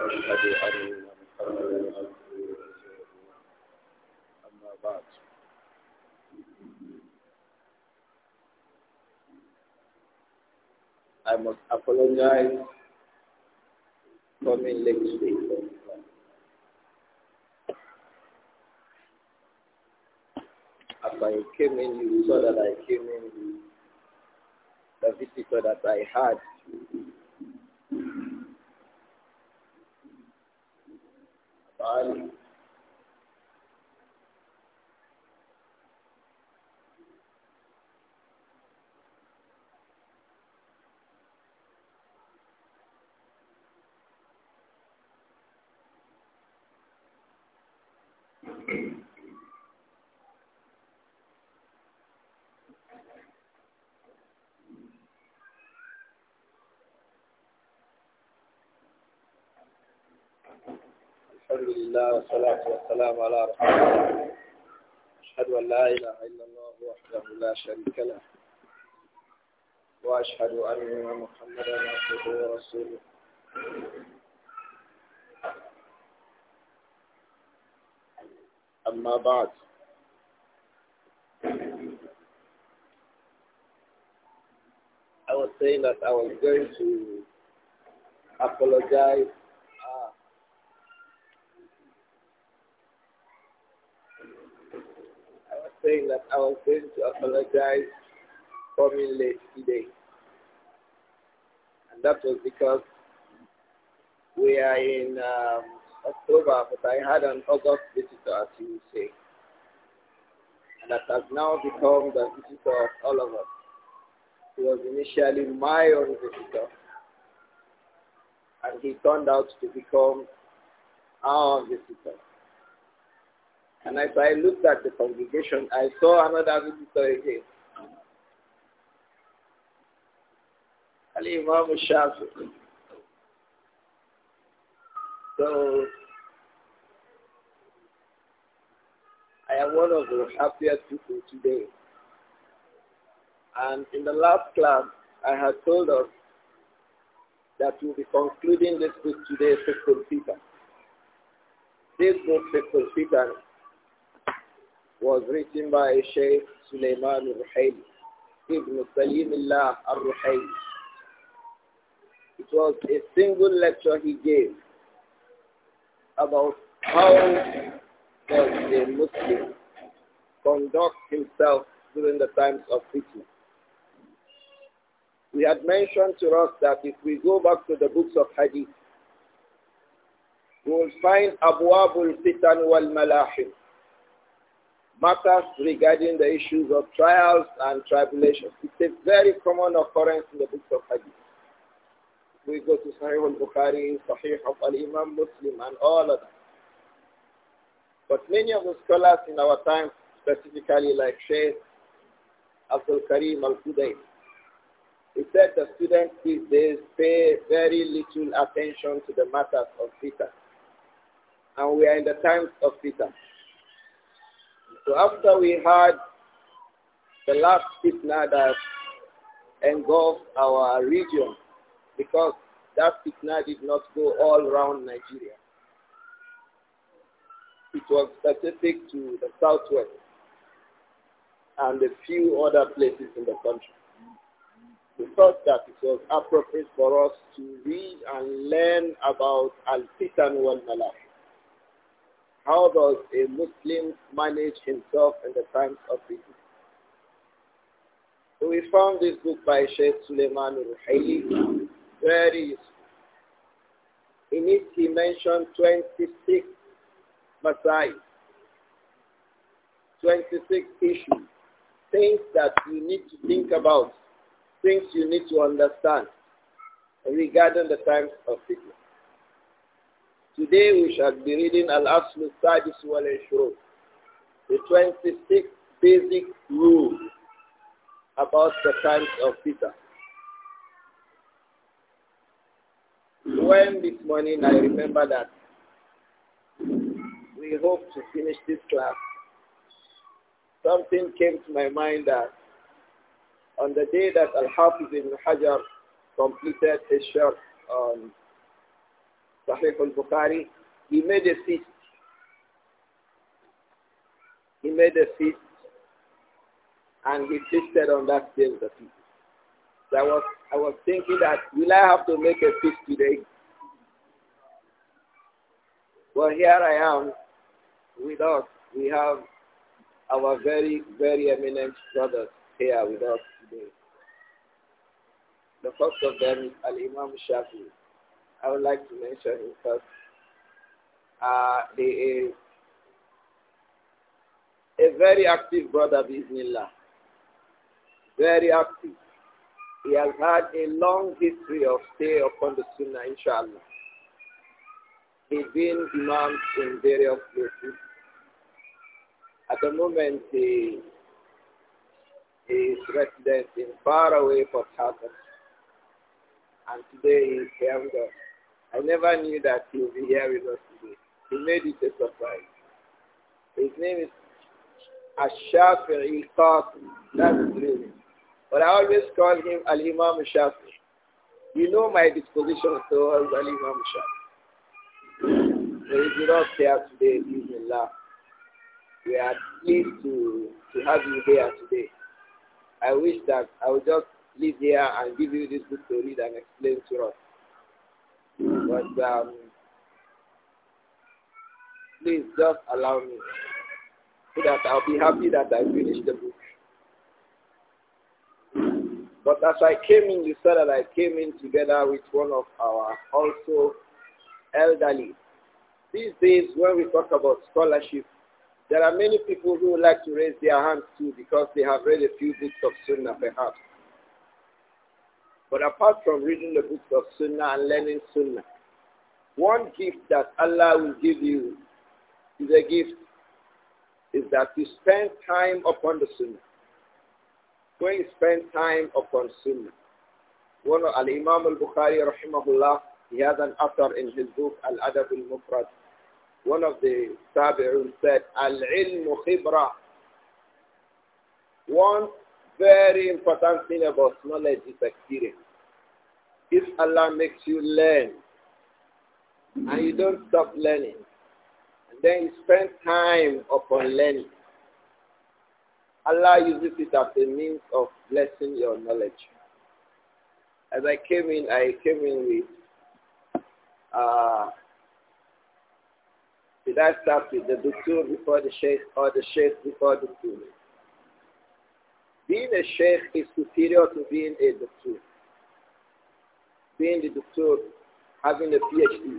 I must apologize for my late today. After I came in, you saw that I came in the visitor that I had Ali الله والصلاة والسلام على رسول الله أشهد أن لا إله إلا الله وحده لا شريك له وأشهد أن محمدا عبده ورسوله أما بعد I was saying that I was going to apologize saying that I was going to apologize for me late today. And that was because we are in um, October, but I had an August visitor, as you would say. And that has now become the visitor of all of us. He was initially my own visitor. And he turned out to become our visitor. And as I looked at the congregation, I saw another visitor again. Ali imam Shafi. So, I am one of the happiest people today. And in the last class, I had told us that we'll be concluding this book today, Faithful Peter. This book, Faithful Peter, was written by Sheikh Sulaiman al-Ruhail, Ibn Salim Allah al-Ruhail. It was a single lecture he gave about how does a Muslim conduct himself during the times of fitna. We had mentioned to us that if we go back to the books of hadith, we will find Abu al Fitan wal Malahim matters regarding the issues of trials and tribulations. It's a very common occurrence in the books of Hadith. We go to Sahih al-Bukhari, Sahih of al-Imam Muslim, and all of that. But many of the scholars in our time, specifically like Sheikh Abdul Karim al-Qudayl, he said the students these days pay very little attention to the matters of Fita, And we are in the times of Fita. So after we had the last fitna that engulfed our region, because that fitna did not go all around Nigeria. It was specific to the southwest and a few other places in the country. We thought that it was appropriate for us to read and learn about Al-Fitan wal-Malak how does a Muslim manage himself in the times of peace? So we found this book by Sheikh Suleiman al-Ruhaili very useful. In it he mentioned 26 Masai, 26 issues, things that you need to think about, things you need to understand regarding the times of fitness. Today we shall be reading Al-Aslu Sadis wal Shuruk, the 26 basic rules about the times of Peter. When this morning I remember that we hope to finish this class, something came to my mind that on the day that Al-Hafiz ibn Hajar completed his short on Sahih al-Bukhari, he made a feast. He made a feast and he feasted on that day of the feast. So I was, I was thinking that, will I have to make a feast today? Well, here I am with us. We have our very, very eminent brothers here with us today. The first of them is Al-Imam Shafi'i. I would like to mention is that uh, is a very active brother, Bismillah. Very active. He has had a long history of stay upon the Sunnah, inshallah. He's been imams in various places. At the moment, he is resident in away Port Harcourt. And today he came here with us. I never knew that he would be here with us today. He made it a surprise. His name is Ash-Shafi'i Qasim. That's his name. But I always call him Al-Imam You know my disposition towards Al-Imam Shafi'i. So if you're not here today, Bismillah, we are pleased to, to have you here today. I wish that I would just leave here and give you this book to read and explain to us. But um, please just allow me so that I'll be happy that I finished the book. But as I came in, you said that I came in together with one of our also elderly. These days, when we talk about scholarship, there are many people who like to raise their hands too because they have read a few books of Sunnah perhaps. But apart from reading the books of Sunnah and learning Sunnah, one gift that Allah will give you is a gift is that you spend time upon the Sunnah. When you spend time upon Sunnah, one of Al-Imam al-Bukhari rahimahullah, he has an author in his book Al-Adab al-Mufrad. One of the Tabi'un said, Al-Ilmu Khibra. One very important thing about knowledge is experience. If Allah makes you learn, and you don't stop learning, and then you spend time upon learning, Allah uses it as a means of blessing your knowledge. As I came in, I came in with, uh, did I start with the Dutur before the Sheikh or the Sheikh before the Dutur? Being a sheikh is superior to being a doctor. Being the doctor, having a PhD.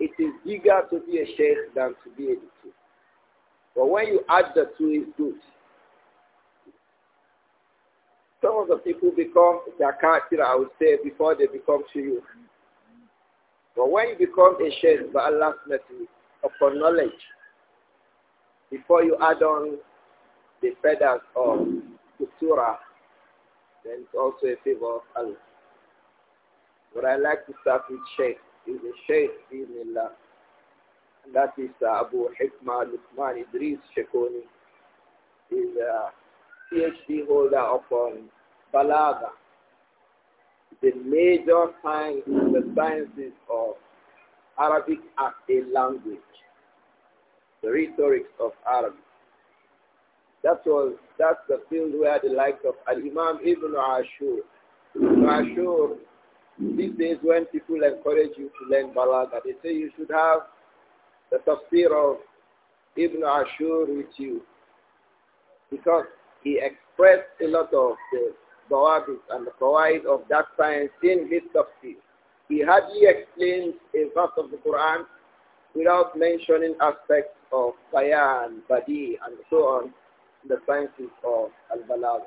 It is bigger to be a sheikh than to be a doctor. But when you add the two, it's good. Some of the people become character I would say, before they become Shiyu. But when you become a sheikh by Allah's mercy, upon knowledge, before you add on the feathers of Kutura, then it's also a favor of Allah. But I like to start with Sheikh. He's a Sheikh, Bismillah. And that is uh, Abu Hikmah Luqman Idris Shekoni. He's a PhD holder upon Balaga, the major science, the sciences of Arabic as a language, the rhetoric of Arabic. That was that's the field where the likes of Al Imam Ibn Ashur. Ibn Ashur these days when people encourage you to learn Balagha, they say you should have the tafsir of Ibn Ashur with you. Because he expressed a lot of the Bawabis and the Qawaid of that science in his tafsir. He hardly explains a verse of the Quran without mentioning aspects of Bayan, Badi, and so on the sciences of Al-Balagha.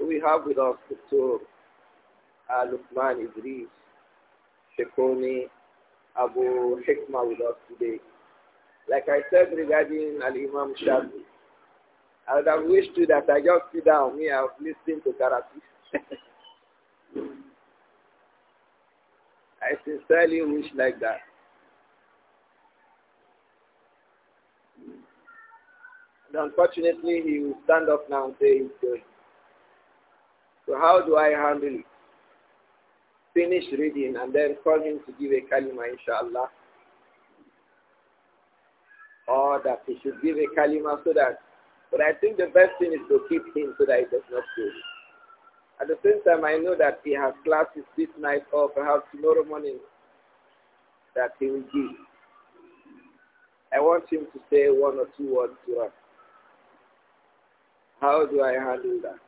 we have with us Dr. Lukman Idris, Shekoni, Abu Hikma with us today. Like I said regarding Al-Imam Shafi, I would have wished you that I just sit down here and listen to karate. I sincerely wish like that. Unfortunately, he will stand up now and say he's going. So how do I handle it? Finish reading and then call him to give a kalima, inshallah. Or that he should give a kalima so that, but I think the best thing is to keep him so that he does not fail. At the same time, I know that he has classes this night or perhaps tomorrow morning that he will give. I want him to say one or two words to us. How do I handle that?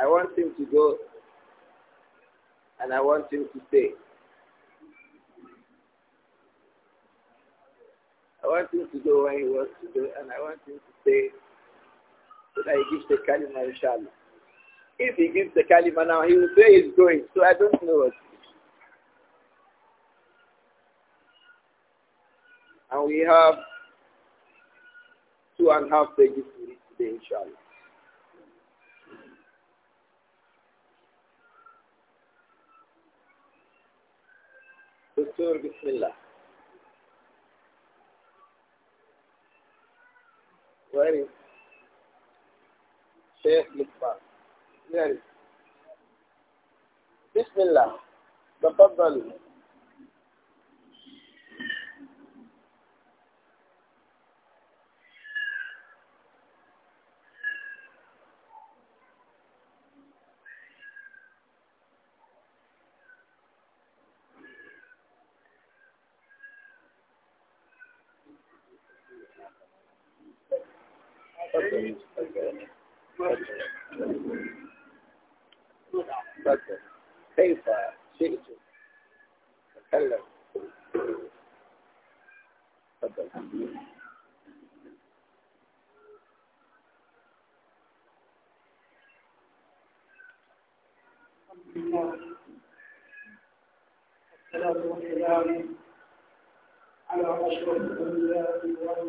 I want him to go and I want him to stay. I want him to go where he wants to go and I want him to stay so that he gives the kalima inshallah. If he gives the kalima now, he will say he's going, so I don't know what And we have two and a half pages to read today, inshallah. دكتور بسم الله وين شيخ مصباح وارد بسم الله تفضل وأشرف الأنبياء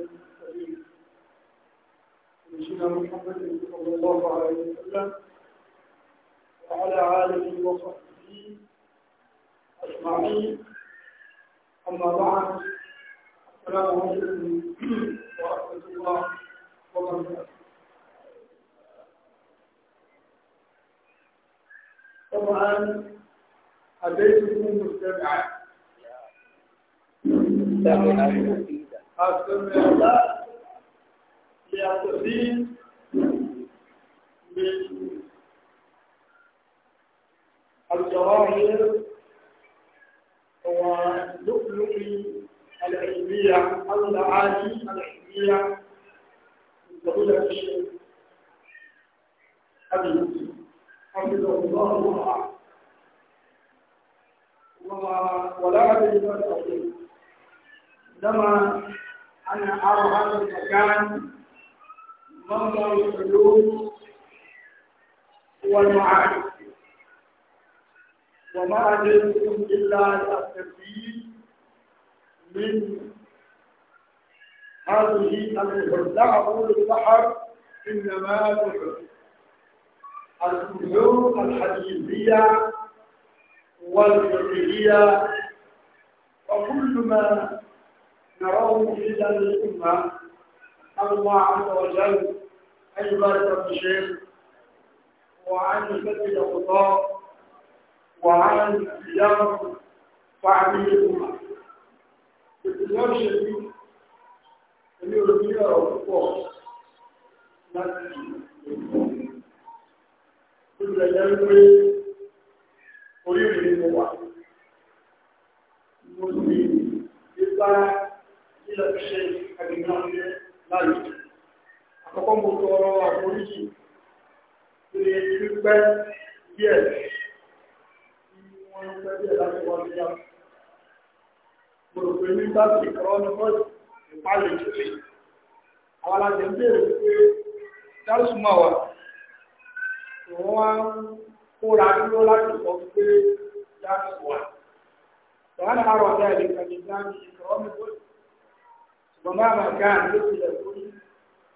محمد صلى الله عليه وسلم وعلى آله وصحبه أجمعين أما بعد السلام عليكم ورحمة الله وبركاته طبعا أبيتكم مستمعين سمع المفيد السمع يستفيد من الجواهر ولؤلؤ العلمية أو المعاني العلمية من فضيلة الشيخ أبي يوسف حفظه الله ورعاه ولا عليه ما لما أنا أرى هذا المكان منظر الحدود والمعارف وما أدركم إلا التبديل من هذه البحور لا أقول البحر إنما البحور البحور الحديثية والفقهية وكل ما نراه إلا للأمة قال الله عز وجل عن يبارك في شيخ وعن يسدد خطاه وعن يرض وعن الامه ṣèlú ilé الشديد púpọ̀ láti ìpínlẹ̀ jẹ́ كل orí ìrìnlẹ̀ wà mo sì sílẹ̀ tó ṣe ẹgbẹ̀rún ọdún láàyè àkọ́kọ́ mo tọrọ àforíjì lórí pípẹ́ díẹ̀ tí wọ́n ń pẹ́ díẹ̀ láti wọ́n ti yá mo rò pé nígbà tí ọ̀rọ̀ ní bọ́ọ̀sì ìpalẹ̀ ìjòyè àwọn alájẹ ń béèrè pé dárúsùmọ̀ wà wọ́n wá kóra dúró láti sọ pé dárúsùmọ̀ wà. Tọ́lá ni a rọ̀ ọ̀dá ẹ̀lẹ́gbẹ̀rẹ̀ ìgbà ní ìkọ̀ọ́ mi bọ́ọ̀sì wọ́n máa máa ká àdúgbò tilẹ̀ fún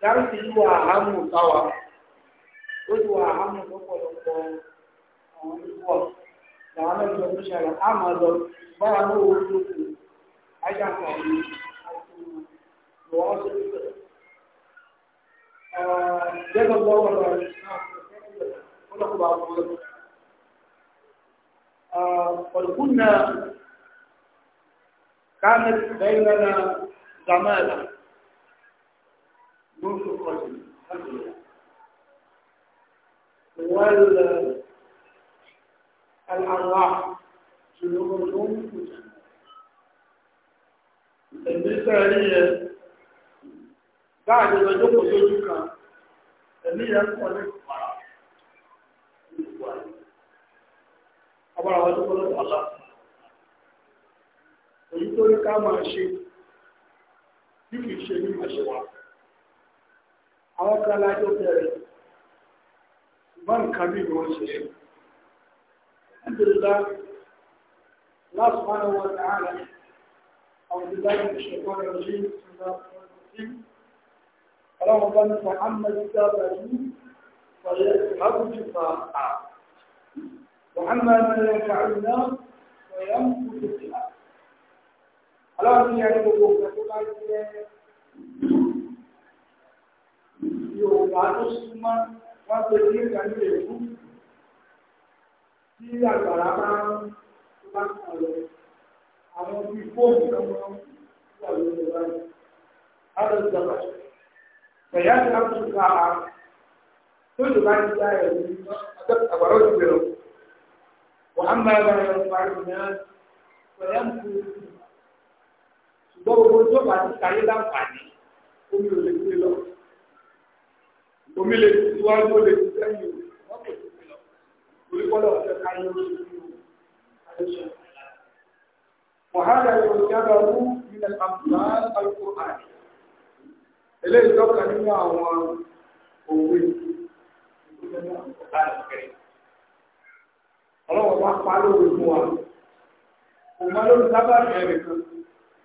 dáríṣì ìlú àhámù táwa ó ti wà àhámù lọ́pọ̀lọpọ̀ àwọn onígbọ̀ làwọn mẹ́jọ tó ṣẹlẹ̀ àmọ́ lọ báwa ló wo ló kù ajáǹkà yìí àti lọ́wọ́ sí ìgbẹ́. Jẹ́nu lọ́wọ́ lọ ọlọ́kùnrin àwọn ọmọ lọ́wọ́. قد كنا كانت بيننا كمالا نور الرجل الحمد لله والأرواح جنوبهم بالنسبة لي بعد ما جبت زوجك اللي يقوى لك أبرا وجبت الله ويقول لك ما شيء bí kìí ṣe ní àṣewà àwọn kan lájọ bẹ̀rẹ̀ ṣùgbọ́n nǹkan bí wọ́n ṣe nítorílá lásùmánà wọn tààrà àwọn ìdílá ìṣẹ̀kọ́ ẹ̀rọ sí ìṣẹ̀kọ́ ọlọ́run bá ní Muhammad dábàá yìí fọyẹ́ ìhàbùjù fàá Muhammad ní ẹ̀ka àrùn náà fọyẹ́ ń kú lókè ọlọ́run ní ẹ̀rọ gbogbo bá jẹ́ Yorùbá tó súnmọ́ wọ́n pe ní ìgbà ní èkú tí àgbàrá bá ń bá kàlẹ̀ àwọn bí fóònù lọ́wọ́ wà lórí ìwádìí. Adé ìjọba ẹ̀yà ti á tún ká a tó lè bá ti dá ẹ̀rù àgbàrá òṣèlú. Wà á máa bá ẹ̀rù parí ní á pẹ̀lú gbogbo tó bá ti káyé láǹfààní omi ò lè gbé lọ omi lè ti wá ló lè ti sẹ́yìn o wọ́n kò tó fi lọ orí kọ́lọ̀ ọ̀sẹ̀ káyé ó ti fi o àdéṣe wàhálà yóò yára wú nílẹ̀ àbúrá alukó àdé eléyìí tọ́ka nínú àwọn òwe ọlọ́wọ́ bá pa lóore fún wa kò má lórí sábà bẹ̀rẹ̀ kan.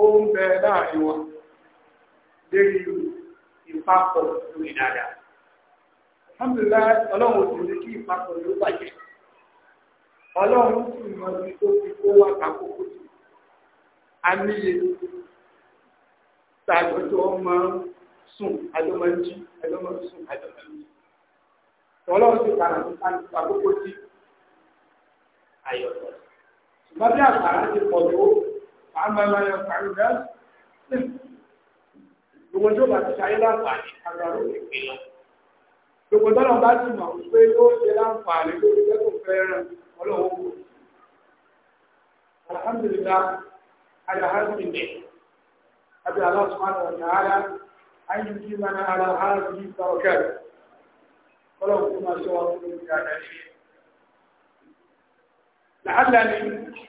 ó ń bẹ láàrin wọn lérí ìpapọ̀ lórí dáadáa. alhamdulillah ọlọ́run ti ní kí ìpapọ̀ ló bàjẹ́ ọlọ́run sì mọ ibi tó fi kó a níye tàbí ọlọ́run ti kàrà ní àmàlà yẹn pàrọ náà gbogbo tó bá gbogbo tó bá ti mọ̀ pé ó ṣe láǹfààní tó ṣe tó fẹ́ràn ọlọ́wọ́ alhamdulillah alhamdulillah abi Allah subhanahu wa ta'ala an yi mana ọlọ́wọ́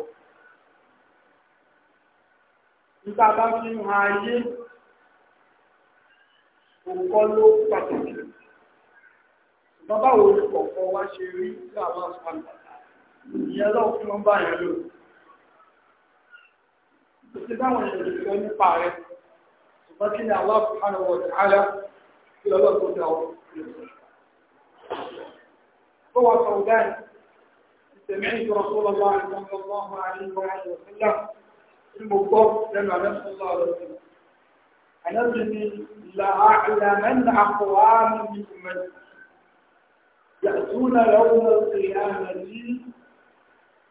nígbà bá fi ń ha ayé òkọ́ ló pàtàkì bàbá wo kọ̀ọ̀kọ́ wá ṣe rí láàbá sọ́kàtà ìyẹn lọ́wọ́ fún wọn bá yẹn lò kò sí báwọn èèyàn lè sọ nípa rẹ ṣùgbọ́n kí ni Allah subhanahu tí mo gbọ́ الله àlẹ́sọ̀lá ọ̀rọ̀ sí i. Àlẹ́sọ̀lá ni làálàmẹ́nà àkọ́wá mi يأتون يوم القيامة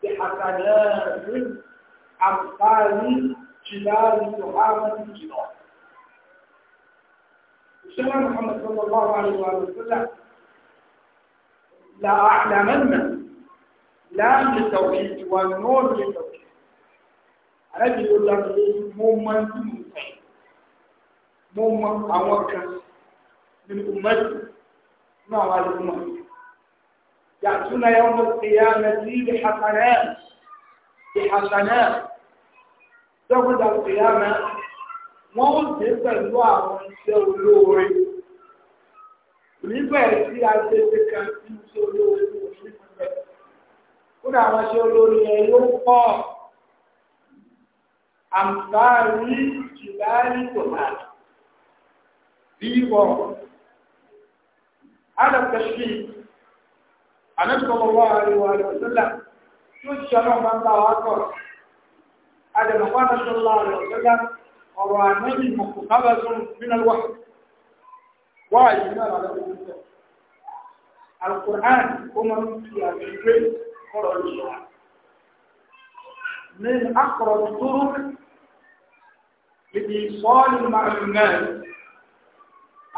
بحسنات أمثال جبال سحابة الجبال. الشيخ محمد صلى الله عليه وسلم لأعلمن لا أعلمن لام للتوحيد والنور للتوحيد àrẹ́bí ló lọ sí mo mọ tí mo fẹ́ mo mọ àwọn kan nínú mẹ́tò nínú àwọn àlùmọ̀ yàtúnà yà ọmọ ìyá mẹ́tì bí hasanẹ́ bí hasanẹ́ dọ́kítà ìyá mẹ́ wọ́n ó dé pẹ̀lú àwọn iṣẹ́ olóore nígbà tí a ṣe ṣe kan tí iṣẹ́ olóore tó ṣe pẹ̀lú kódà àwọn iṣẹ́ olóore yẹn yóò pọ̀. àǹfààní jìláàrí tó máa bíwọ̀ alàtàṣí anẹ́sọ̀lọ́wọ́ àríwá àríwá tó ṣe ọlọ́pàá ń bá wa kọ̀ adẹ̀mọ̀pá anẹ́sọ̀lọ́ àríwá ọ̀rọ̀ àmẹ́lì mọ̀kànlá tó nínú wà wáyé na lọ́wọ́ alukur'an ó máa ń fi àmì ìwé kọ́rọ̀ lọ́wọ́ من أقرب الطرق لإيصال المعلومات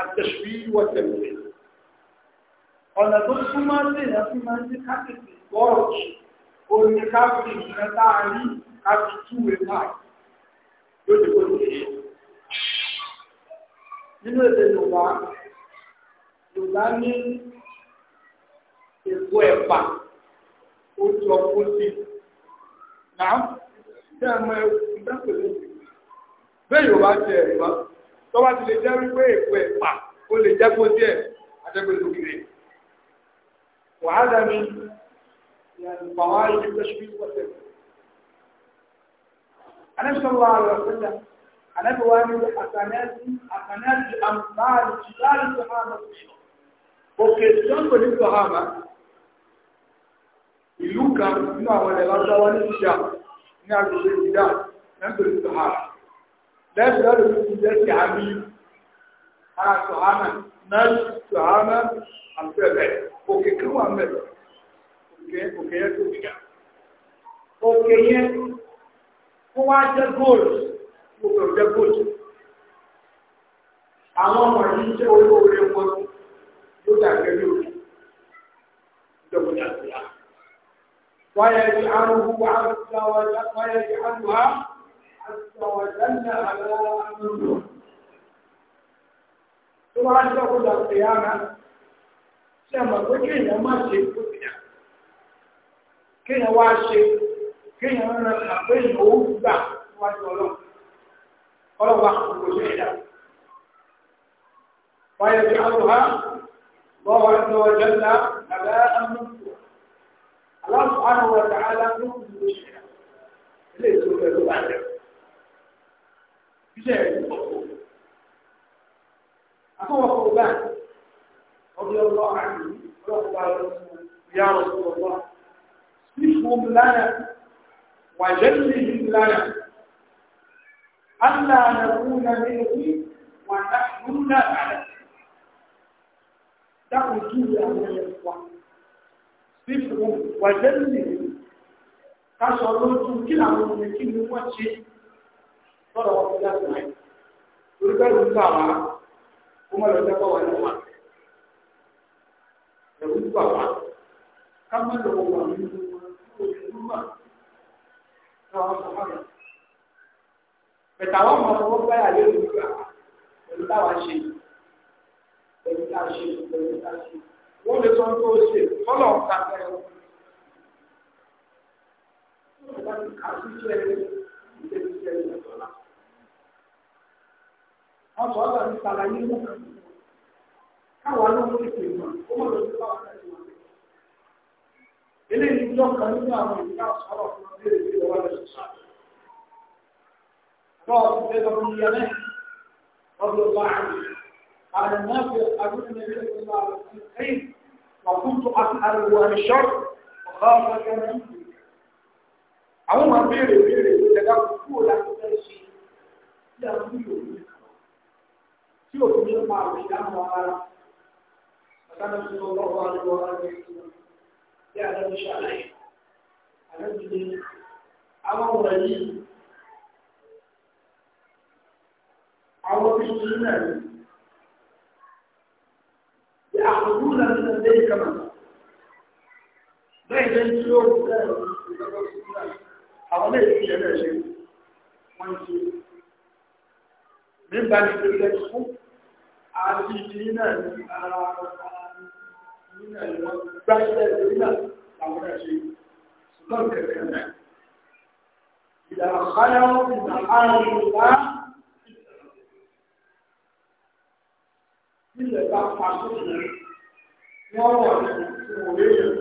التشبيه والتمثيل ọ̀nà tó súnmọ́ lèèyàn fi máa ń ní káàkiri bọ́ọ̀jì omi káàkiri nǹkan tá a rí káàkiri túwèé máa lóde kó lè ṣe nínú èdè Yorùbá Yorùbá ní èkó ẹ̀fà ó jọ kó sí náà tí a máa ń bẹ́ẹ̀ bá jẹ ẹ̀rí wá tó bá ti lè jẹ́ wípé èpo ẹ̀pà ó lè jẹ́ kó díẹ̀ àjẹgbẹ́sọ kiri wàhálà mi bàwá yìí lọ́sibí wọ́sẹ̀ anẹ́sọ̀lá rẹ̀ sọ́jà anẹ́bíwá ní àtànẹ́sì àtànẹ́sì àmàlì jìláàlì sọ̀hámà òkè sọ́ńtò ní sọ̀hámà ìlú kan nínú àwọn ẹ̀rọ lọ́wọ́ ní ìjà ní agbègbè ìdá mẹ́tò لازم يقول في ذاتي عميل أنا سعامة نال سعامة عم تابع أوكي كم عم تابع أوكي أوكي أوكي هو عجل جول هو عجل جول àwọn ọmọ yìí jẹ́ olóore wọn ló dàgbé lórí ìjọba ìjọba wáyé ìhàrùn wáyé عز وجل على أمره ثم أشرف القيامة sẹ́mọ̀ pé kéèyàn má ṣe gómìnà kéèyàn wá ṣe kéèyàn rán àpé ìnáwó gbà wájú ọlọ́run ọlọ́wà kò ṣe ìdá wáyé bí alùhá lọ́wọ́ ẹ̀sọ́ ọjọ́ ńlá àbẹ́ amúnkù aláàfọ̀ àwọn ọ̀tà aláàfọ̀ kò ṣe ìdá ilé ìṣòro ẹ̀rọ bá iṣẹ́ rẹ̀ pọ̀. Akọ́wọ́ kò gbà ọdún ọgbọ́n àti ọlọ́pàá ìyá ọ̀sùn ọgbọ́n. Sífù lánàá, wàjẹ́ sí ìlú lánàá. na wà dákùn àwọn wa. Sífù ìlú. lójú kí sọ̀rọ̀ wọn fẹ́lá fún ẹ̀ torí bẹ́ẹ̀ ló ń bà wá kó má lọ jẹ́kọ̀ wá ní wa ẹ̀rù ń bà wá ká má lọ wọ wà nínú wọn tó o ti mà káwọn sọ fún mi. bẹ̀tà wọn mọ ọwọ́ báyà lé ìlú gbà pẹ̀lú táwa ṣe pẹ̀lú táwa ṣe pẹ̀lú táwa ṣe wọ́n lè sọ tó o ṣe tọ́lọ̀ ń ta ẹ̀rọ. Thank ọ̀sọ̀ ọ̀sọ̀ ti sàlàyé mú káwa ló ń tètè mọ̀ ó mọ̀ lórí báwa láti wà lẹ́yìn. eléyìí tó kàn nínú àwọn ìyá ọ̀sọ̀rọ̀ fún ọdún èdè ìlú wa lẹ́sùn sáà. bọ́ọ̀lù ṣe lọ fún ìyá náà ọdún ọba àmì àrùn náà fi àdúgbò ní ilé ìlú àwọn ẹ̀yìn wàkúntù àrùwọ̀ àìṣọ́ ọ̀gá ọ̀gá kẹ́rin àwọn máa béèrè béèrè ìjẹ̀dá kúrò láti fẹ́ ṣe tí a ń bí òun tí ò ní pa àwọn ìdáhùn ara àtàlẹ́ tó lọ lọ́wọ́ àlọ́ ara rẹ̀ tí àlẹ́ ti ṣàlàyé àlẹ́ ti ní àwọn ọ̀rẹ́ yìí àwọn tí ó ní náà ní àkókò náà ní ọdẹ ìkàmà bẹ́ẹ̀ lẹ́yìn tí ó rú bẹ́ẹ̀ àwọn náà ti yẹ náà ṣe wọ́n ti mí bá ní pé lẹ́yìn fún àti ìdí náà ní ara nínú ẹ̀wọ̀n gbáṣẹ́ ìdí náà làwọn ẹ̀ṣẹ́ ṣùgbọ́n kẹ̀kẹ́ náà ìdàkọ́yọ́ ìdàkọ́yọ́ ìdá ilẹ̀ bá pa sókè wọ́n wọ̀ ní ìwòrè yẹn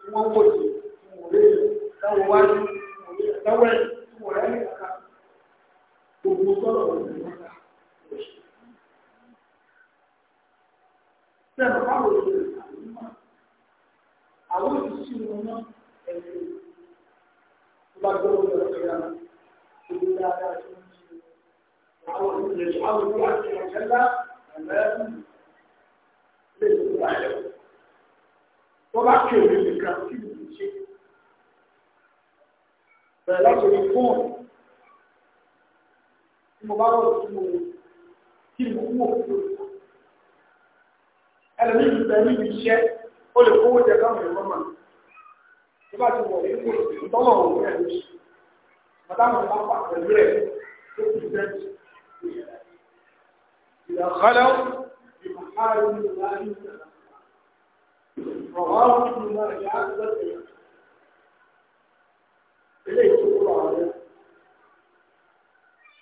tí wọ́n wò sí ìwòrè yẹn táwọn wáyé ìwòrè yẹn táwọn ẹ̀ ìwòrè yẹn kàkà gbogbo sọ̀rọ̀ ìwòrè yẹn. sẹ́nu káwọn òṣèlú àlùmọ́ àwọn òṣìṣẹ́ wọn náà ẹ̀sìn tó bá gbọ́ wọn lọ sí ara ìlú dáadáa tó ń ṣe àwọn òṣèlú àwọn òṣèlú àti ìrọ̀lẹ́lá ẹ̀mẹ́rin lè tó bá yẹ wọ́n bá kí òun nìkan kí ni kò ṣe bẹ̀rẹ̀ láti orí fóònù tí mo bá lọ sí mo kí n kú òkú òkú. ẹlòmíì ti bẹ níbi iṣẹ́ ó lè kówó jẹ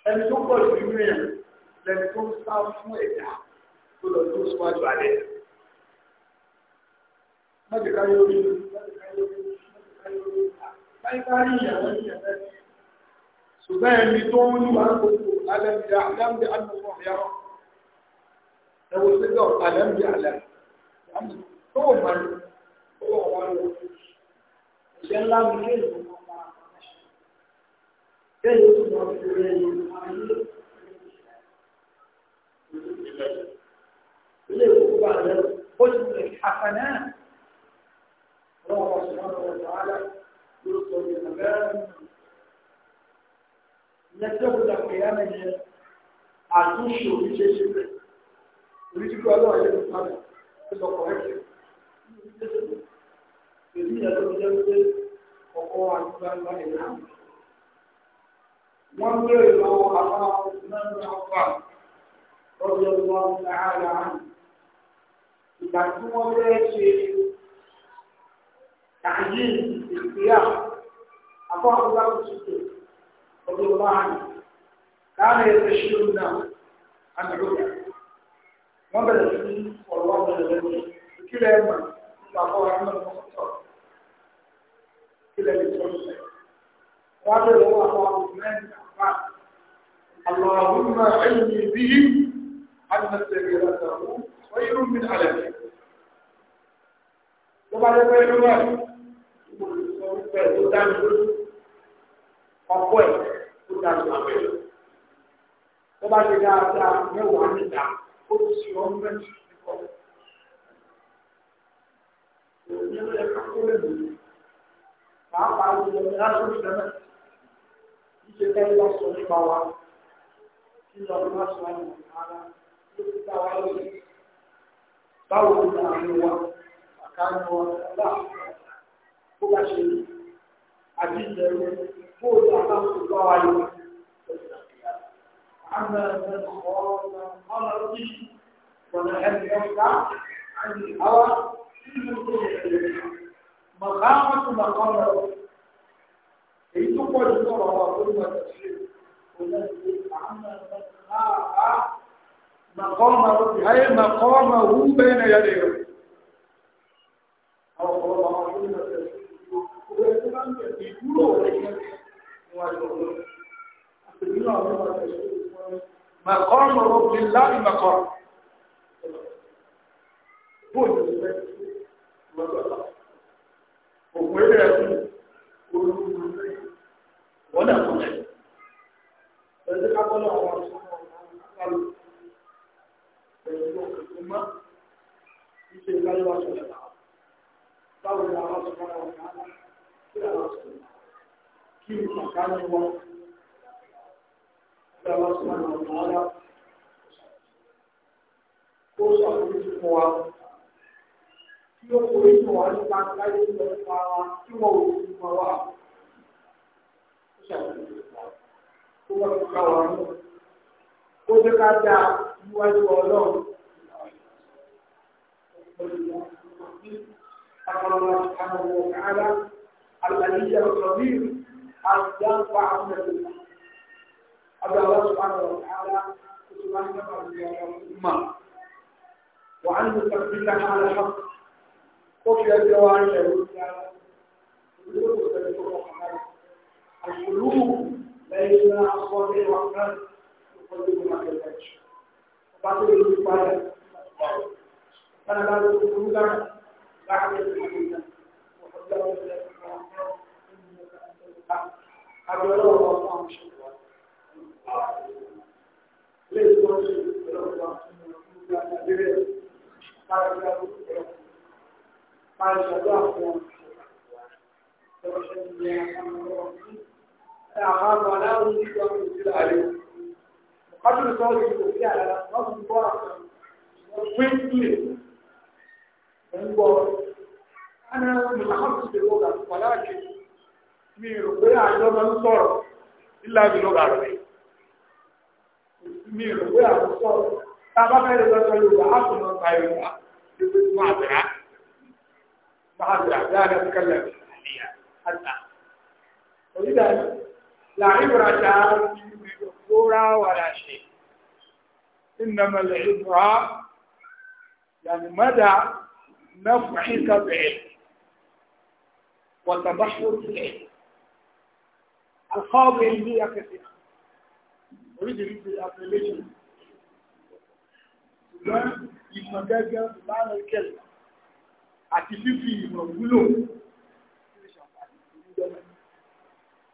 ẹni tó pọ̀ jù nínú ẹ̀ lẹ́ni tó ń sá fún ẹ̀dá tó lọ tó síwájú alẹ́. láti káyé orí láti káyé ìyàwó ìyàwó ṣùgbọ́n ẹni tó ń ní wà ń gbogbo alẹ́mdì alẹ́mdì alẹ́mdì ọ̀yàwó ẹwọ sílẹ̀ alẹ́mdì alẹ́mdì tó wọ́n mọ̀ ní ó wọ́n wọ́n lọ ìṣẹ́ ńlá mi lé ìlú ọmọ kéèyàn tó mọ̀ ní orí ẹ̀yìn ilé ìwòkúbà rẹ̀ ó ti rẹ̀ àfẹ́nẹ́ الله سبحانه وتعالى يرسل الأمان نتبه القيامة àtúnṣe òfíṣẹ́ ṣe bẹ̀. Oríṣiríṣi ọlọ́wà yẹn ti padà ó sọ kọ̀ẹ́kì. Èmi yẹn tó jẹ́ pé ọkọ̀ àgbàgbà ẹ̀yà àmì. Wọ́n bèrè lọ́wọ́ àwọn ọ̀sán ọ̀fà lọ́jọ́ wọn láàárọ̀ àmì. Ìgbà tí wọ́n fẹ́ ṣe تعجيل اختيار أبوه الله الصديق رضي الله عنه كان يستشير الناس عن عدة مبلغ فيه والله الغني كلا يوم الله عمل مخطط كلا يوم قال الله عثمان عفان اللهم علمي بهم أن سبيلته خير من علمه وبعد ذلك pẹ̀ tó dáná lójú ọkọ ẹ̀ tó dáná lójú àbẹ̀ tó bá ṣe dáadáa mẹ́wàá níta ó ti ṣe ọ́n mẹ́tì nípa òun ló yẹ ká kó lè lò pàápàá ìlú ọ̀rẹ́ lásán ìdáná ìṣe tẹ́lẹ̀ bá sọ nípa wa nínú ọdún láti wá ní ara ló ti dá wa lóye báwo ni àwọn wa àkànnì wa aláàfin bó bá ṣe lò. àti ìdẹ̀rù fóònù àbáṣepọ̀ wáyé أما من خاف خلقه ونهى النفس عن الهوى مخافة مقام èyí tó pọ̀ jù lọ́rọ̀ wa ló ń wáyé sí olóògbé àmọ́ náà màkọ́mà ayé màkọ́mà wú bẹ́ẹ̀ náà yẹlẹ̀ rẹ̀. kúrò lẹ́yìn níwájú ọ̀rọ̀ àtẹ̀jú náà ló wà lẹ́yìn màkọ́ ọ̀rọ̀ bí láì màkọ́ bóyá ìfẹ́ lọ́dọ̀ òkú ẹ̀rẹ́ ẹ̀kú olùkú wọ́n dà kọ́ lẹ́yìn ẹ̀dí kábọ́lá àwọn ọ̀ṣọ́ àwọn ọ̀ṣọ́ àwọn ìṣe ìgbàlúwà ṣẹlẹ̀ ni àwọn ọ̀ṣọ́ àwọn ọ̀ṣọ́ في مكان الله الله سبحانه وتعالى ó sọ fún mi fún wa tí ó kó inú wa nípa láyé lọ pa wa tí wọn ò fi mọ wa ó ṣàlùfẹ́ kó wọn fi ká wa mú ó jẹ́ ká dá níwájú ọlọ́run. أمر الله سبحانه وتعالى الغني الخبير أو ينفعون بالله أبدا سبحانه وتعالى سبحانه وتعالى وأن تقبلها على الحق وفي الجوارح القلوب بين أصوات الرحمن يقلبنا في الحج وبعد ذلك قال أنا بعد القلوب بعد الحج وحذروا abiola wọn wọn fún àwọn ṣẹlẹ̀ wa ilé ìwọ ṣe ìpínlẹ̀ ọgbà ìgbà nàìjíríà láti ṣe àwọn ìpínlẹ̀ máa ṣàdó àwọn ìṣẹ̀lẹ̀ ìṣẹ̀lẹ̀ àwọn ọmọ ní àwọn àmọ aláwọ ní ìgbà wọn ti là rẹ ọdún tó ń sọ sí àlàlà wọn kò gbọ́ àwọn wíńdílé ń gbọ́ ana mùsàkàtúndínlọ́gà wàlá àjẹjì. mi rò pé àjọ máa ń sọ̀rọ̀ nílá mi ló bá rẹ̀ mi rò pé àwọn sọ̀rọ̀ tá a bá fẹ́ẹ́ lọ sọ Yorùbá á kò máa ta Yorùbá nígbà tí wọ́n àbẹ̀rá máa bẹ̀rẹ̀ àbẹ́ àrẹ ti kẹ́lẹ̀ àníyá àtà onídàá làárí bọ̀rọ̀ àti àárọ̀ ti ní ìgbòkóra wà láṣẹ إنما العبرة يعني مدى نفعك بعلم وتبحر في العلم القاضي اللي أكثر oríṣiríṣi appellation ṣùgbọ́n ìmọ̀ gẹ́gẹ́ lánà kẹlẹ̀ àti fífi ìmọ̀ wúlò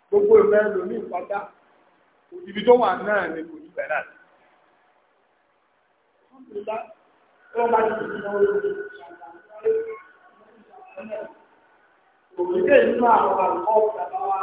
gbogbo ìfẹ́ lò ní ìpátá ibi tó wà náà ni kò ní bẹ̀rẹ̀ àti. Òkèké nínú àwọn àlùkò ọ̀gá bá wá.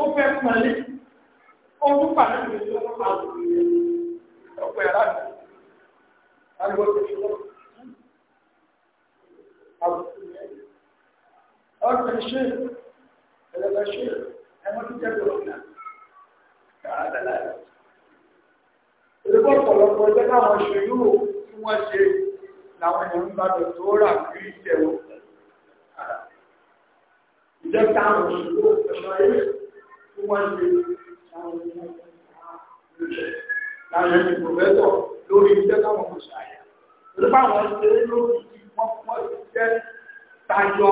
ó fẹ́ pẹ̀lú ọdún pàdé ìgbésí ọdún pàdé ọ̀pọ̀ ẹ̀rá mi ariwo tó ṣe lọ́wọ́ ọ̀pọ̀ ṣe ẹ̀lẹ́gbẹ̀ ṣe ẹ̀wọ̀n tó jẹ́ gbọ́dọ̀ náà kàdàlá rẹ̀. Èdèkọ́ ọ̀pọ̀lọpọ̀ ẹgbẹ́ káwọn ṣe yúrò tí wọ́n ṣe làwọn èèyàn ń gbàdọ̀ wọ́n ń lè pòfẹ́tọ̀ lórí iṣẹ́ táwọn kò ṣàyà nípa ṣe lórí wọn wọ́n jẹ́ tayọ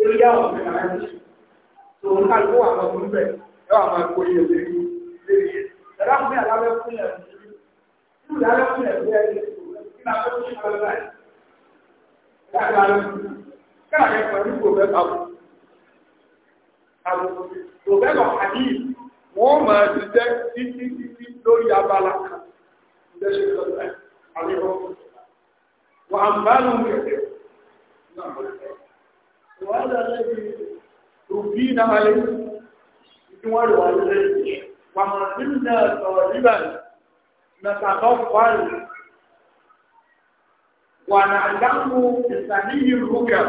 orí àwọn ọ̀gbìn tó ń ká ló wà lọ fún bẹ́ẹ̀ yóò àwọn ẹ̀kọ́ yẹ lérí lérí yẹ ẹ̀rọ fún ìyàlábẹ́ fún ẹ̀ fún ìyàlábẹ́ fún ẹ̀ fún ẹ̀ kí ni a fẹ́ fún ìyàlábẹ́ báyìí kí ni a fún ìyàlábẹ́ báyìí kí ni a fẹ́ àlùfẹ́lọ̀ hadith wọ́n máa ti jẹ́ títí títí lórí abala kan ilé ṣe sọ́dọ̀ ẹ̀ àríwọ̀ wà á bá lóun kẹ̀kẹ́ wà á lọ́lẹ́ bí òbí náà yẹ kí wọ́n lọ́wọ́ lẹ́yìn wà á nínú náà sọ̀rọ̀ nígbà nàtàkọ́ fọ́ọ̀lù wà á nàdáhùn ìsàníyìí rúkà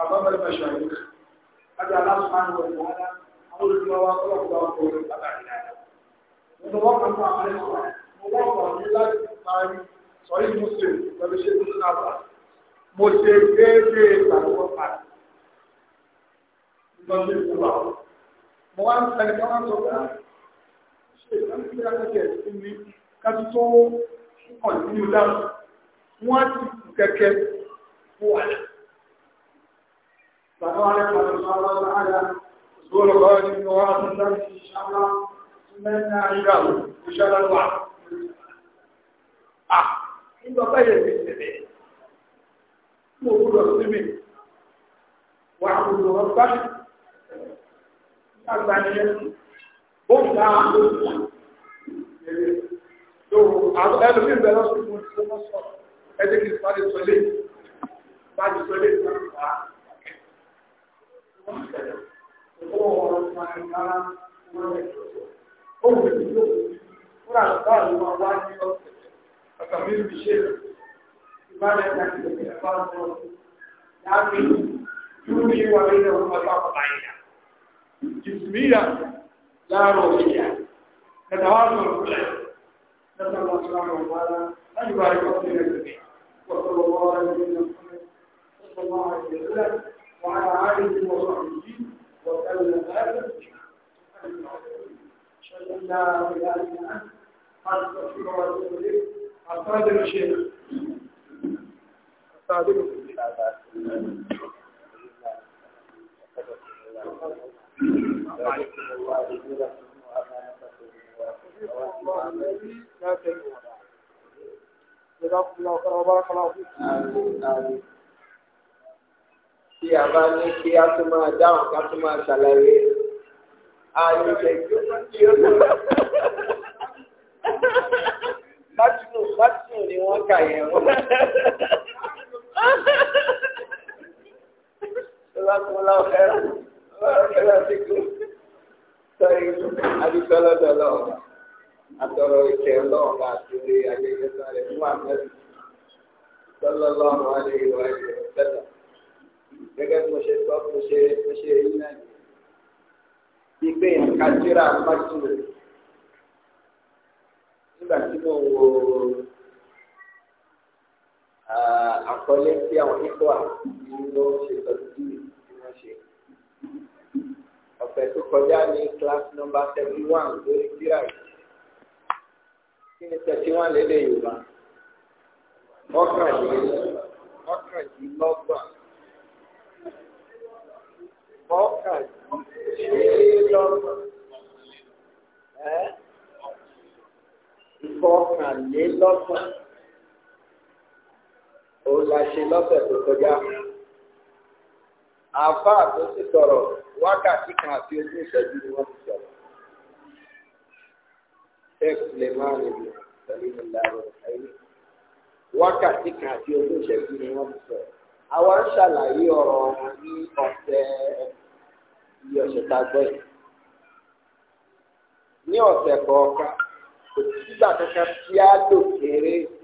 àbábẹ́ mẹ́ṣọ́ yìí àti aláṣùmáàlú ọ̀dọ̀ wọn àwọn olùdíwọ́ wa kọ́lọ́kọ́ wa kọ́ orí pàtàkì náà. mo lọ wọ́pọ̀ fún àwọn ẹ̀sọ́ mo wọ́pọ̀ ní láti parí sọ́yí muslim pẹ̀lú ṣe tó tún àbá mo ṣe déédéé ìgbàlúwọ́ pàtàkì. lọ́jọ́ ìgbàlúwà mo wá ń sẹ́ni kí wọ́n sọ pé ṣe ìgbàlúwà kẹ́kẹ́ sí mi kájú فقالت ان شاء الله تعالى اسبوع القادم وراء الدرس ان شاء الله ثم لنا عباده ان شاء الله الوعد ah nígbà báyìí ẹ̀mí tẹ̀lé mo gbúdọ̀ sími wà á gbúdọ̀ wọn bá nígbà yẹn ó dá lóògùn ẹ̀rẹ́ tó àwọn ẹlòmíì bẹ̀rẹ̀ lọ́sọ̀tún جسمية لا روحية نتواصل كلنا نسأل الله سبحانه وتعالى أن يبارك فينا جميعا وصلى الله على نبينا محمد صلى الله عليه وسلم وعلى آله وصحبه وسلم آخر أشهد الله لا إله إلا أنت أستغفرك وأتوب إليك أستاذن الشيخ أستاذنك وعليكم الله وبركاته لا تنسوا جزاكم الله خيرا وبارك الله الله الله الله الله الله الله فيكم tí a bá ní kí a tún máa dáhùn ká tún máa ṣàlàyé ààyè ìṣèjú tí ó lọ. Bátìmù Bátìmù ni wọ́n kà yẹn wọ́n. Ìlàkùnlá ọ̀fẹ́rẹ́ ọ̀fẹ́rẹ́ ti kú. Sọ́yìn Adúgbọ́lọ́dọ̀ lọ́wọ́. Àtọ̀rọ̀ ìṣẹ̀ lọ́wọ́ àti orí ayẹyẹ sáré fún àmẹ́sì. Sọ́lọ́lọ́run á lè wáyé bó ṣe bó ṣe rí náà bíi pé nǹkan jíra pàtó rẹ̀ nígbà tí mo wo àkọlé tí àwọn nípa yìí ló ń ṣe tọ́jú bí wọ́n ṣe. ọ̀pẹ̀ tó kọjá ní class number thirty one lórí jíra yìí kí ni thirty one lédè Yorùbá mọ́kànlélọ́gbọ̀n mọ́kànlélọ́gbọ̀n ẹ́ ìkọkànlélọ́gbọ̀n òun la ṣe lọ́sẹ̀ tó kọjá àáfàá tó sì sọ̀rọ̀ wákàtí kan àti ogún ìṣẹ́jú ni wọ́n ti sọ̀rọ̀ sheikh suleiman ibn salim alarohaili wákàtí kan àti ogún ìṣẹ́jú ni wọ́n ti sọ̀rọ̀ àwa ń ṣàlàyé ọ̀rọ̀ wọn ní ọ̀sẹ̀ bí ọ̀sẹ̀ tá a gbọ́ yìí. ní ọ̀sẹ̀ kọ̀ọ̀kan kò sígbà kankan tí a lò kéré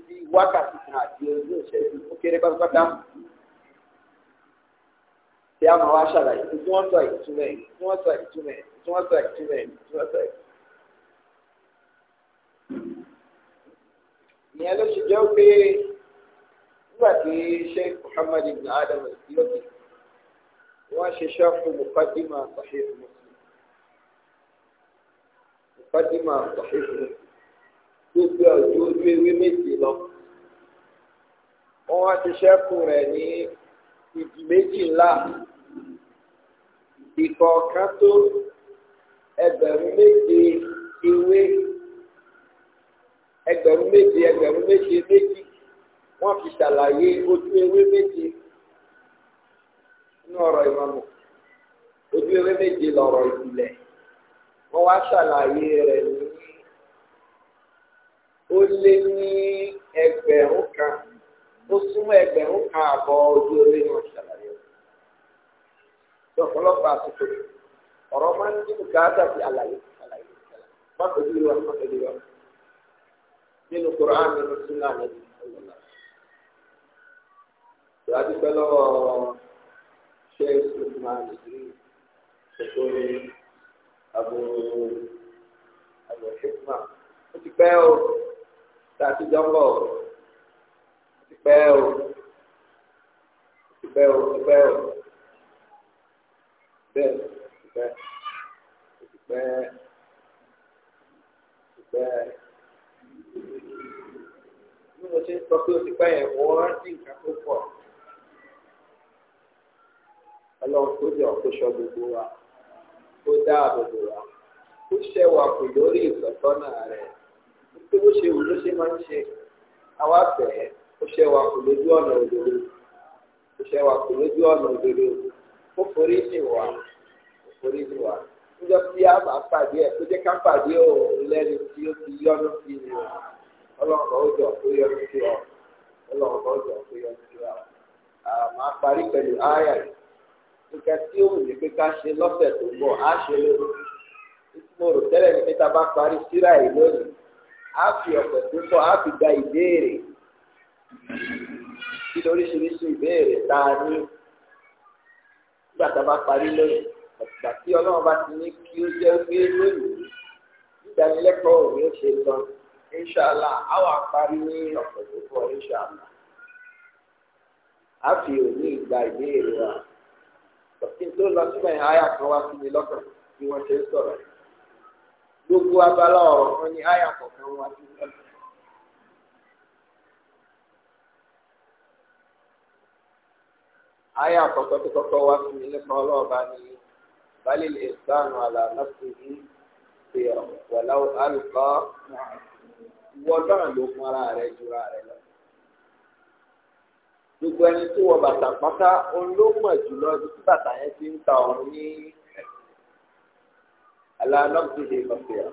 bí wákàtí kan àti ojú ìṣẹ́jú ó kéré pátápátá tí a máa wá ṣàlàyé tí wọ́n sọ ìtumẹ̀ tí wọ́n sọ ìtumẹ̀ tí wọ́n sọ ìtumẹ̀ tí wọ́n sọ ìtumẹ̀. ìyẹn ló ṣe jẹ́ pé nígbà tí sheikh muhammad ibn adam al-Suyuti wọ́n ṣe ṣáfù mùkádìmà sahih muslim mùkádìmà sahih muslim gbogbo ọjọ́ ojú ewé méje lọ wọ́n wá ṣe ṣẹ́kù rẹ̀ ní ìdí méjì ńlá ìkọ̀ọ̀kan tó ẹgbẹ̀rún méje ewé ẹgbẹ̀rún méje ẹgbẹ̀rún méje méjì wọ́n fi ṣàlàyé ojú ewé méje nínú ọ̀rọ̀ ìmọ̀mù ojú ewé méje lọ̀rọ̀ ìpìlẹ̀ wọ́n wá ṣàlàyé rẹ̀ ní ó lé ní ẹgbẹ̀rún kan ó súnmọ́ ẹgbẹ̀rún kan àbọ̀ ojú ewé ni wọ́n ṣàlàyé rẹ̀ tí ọ̀pọ̀lọpọ̀ àsìkò ọ̀rọ̀ máa ń dín bùkátà sí àlàyé àlàyé mọ́tòdú ìwà mọ́tòdú ìwà nínú Kùránì nínú súnà nínú ọ̀gbọ̀n náà. ìwádìí pẹ́ lọ́wọ́ Sheikh Uthman Idris Sokori Abu Abu Hikma. Ó ti pẹ́ o, tá a ti jọ́pọ̀ o, ó ti pẹ́ o, ó ti ń sọ pé ó ti pẹ́ yẹn, wọ́n rántí nǹkan tó pọ̀ ọlọ́run tó jẹ́ ọ̀kóṣọ gbogbo wa tó dáàbò bò wa ó ṣẹwà kù lórí ìtọ́sọ́nà rẹ̀ nítorí bó ṣe wù ló ṣe máa ń ṣe àwa fẹ́ ó ṣẹwà kù lójú ọ̀nà òdodo ó ṣẹwà kù lójú ọ̀nà òdodo ó forí jì wá ó forí jì wá níjọ́ tí a máa pàdé ẹ̀ tó jẹ́ ká pàdé òun lẹ́ni tí ó ti yọ́nú sí ni o ọlọ́run kan ó jọ pé yọ́nú sí ọ ọlọ́run kan ó jọ pé yọ́nú sí ọ àmọ́ a parí pẹ̀lú ááyà yìí nǹkan tí ó wù mí pé ká ṣe lọ́sẹ̀ tó bọ̀ á ṣe lóru mo rò tẹ́lẹ̀ ní níta bá parí síra yìí lónìí á fi ọ̀sẹ̀ tó bọ̀ á fi gba ìbéèrè kí lóríṣiríṣi ìbéèrè tá a ní nígbà tá a bá parí lónìí ọ̀sìgbà tí ọlọ́run bá ti ní kí ó jẹ́ gbé lónìí ìdánilẹ́kọ̀ọ́ òní ó ṣe tán inṣàlá á wà parí ní ọ̀sẹ̀ tó bọ̀ inṣàlá á fi òní ìgbà ìbéèrè wa kí n tó lọ síbẹ̀ àyà kan wá sí mi lọ́kàn bí wọ́n ṣe ń sọ̀rọ̀ gbogbo abala ọ̀rọ̀ kan ní àyà kọ̀ọ̀kan wá sí mi lọ́kàn. àyà àkọ́kọ́ tó kọ́kọ́ wá sí mi nípa ọlọ́ọ̀bá ni balẹ̀ lè sànù àlàáfíà yìí ṣe wàláwọ̀ àlùkò wọ́dọ̀ ló fún ara rẹ̀ jura rẹ̀ lọ gbogbo ẹni tó wọ bàtà pátá òun ló mọ̀ jùlọ ibi tí bàtà yẹn ti ń ta òun ní alanọ́gbìnrin ìmọ̀fẹ́à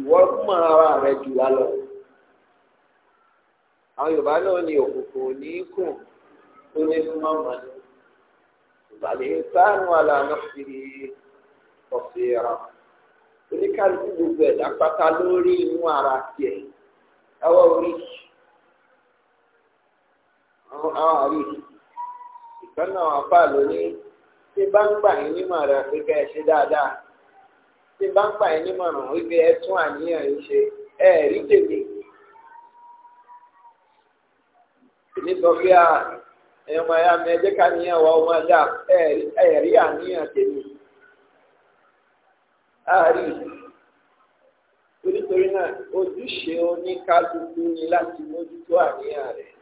ìwọ mọ ara rẹ jù wá lọ. àwọn yorùbá náà ní òkùnkùn ní kùn tó ní mọ́ mọ́ ní. ìbàlẹ̀ sánú alanọ́gbìnrin ìmọ̀fẹ́à oníkàlùkù gbogbo ẹ̀dá pátá lórí inú ara tiẹ̀ káwọ́ orí yìí. fún àwọn àríyí ìkan náà wà lónìí tí bá ń gbà yín ẹ ṣe dáadáa tí bá ń gbà yín nímọ̀ràn wípé ẹ tún àníyàn yín ṣe ẹ rí tèmi. nítorí à ẹ̀yọ́ máa mi ẹ ká níyàn wá ni láti mójútó àníyàn rẹ̀.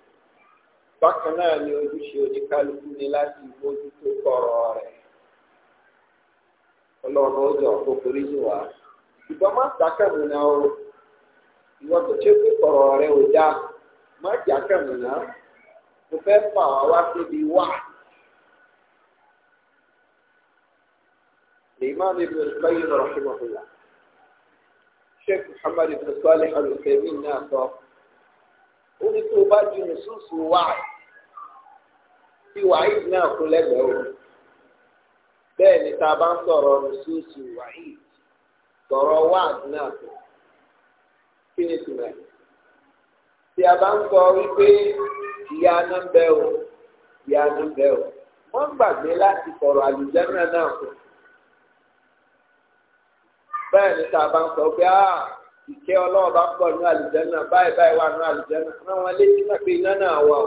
bákan náà ni ojúṣe oníkálukú ni láti mójútó kọ̀rọ̀ rẹ̀ ọlọ́run ó jọ kó forí jù wá ìgbọ́n má dákẹ́mù náà o ìwọ tó ṣe pé kọ̀rọ̀ rẹ̀ ò dáa má dákẹ́mù náà mo fẹ́ fà wá wá síbi wá. الإمام ابن القيم رحمه الله Sheikh Muhammad ibn Salih Al-Uthaymeen náà sọ ó ní fi wàhíd náà kún lẹ́gbẹ̀ẹ́ o bẹ́ẹ̀ ni bá ń sọ̀rọ̀ nùsùsù wàhíd sọ̀rọ̀ wáàd náà kún kí ni tí a bá ń sọ wípé ìyá o ìyá o wọ́n gbàgbé láti sọ̀rọ̀ àlùjẹ́nà náà bẹ́ẹ̀ bá ń sọ pé ọlọ́ọ̀bá pọ̀ ní àlùjẹ́nà báyìí wà ní àlùjẹ́nà náà pé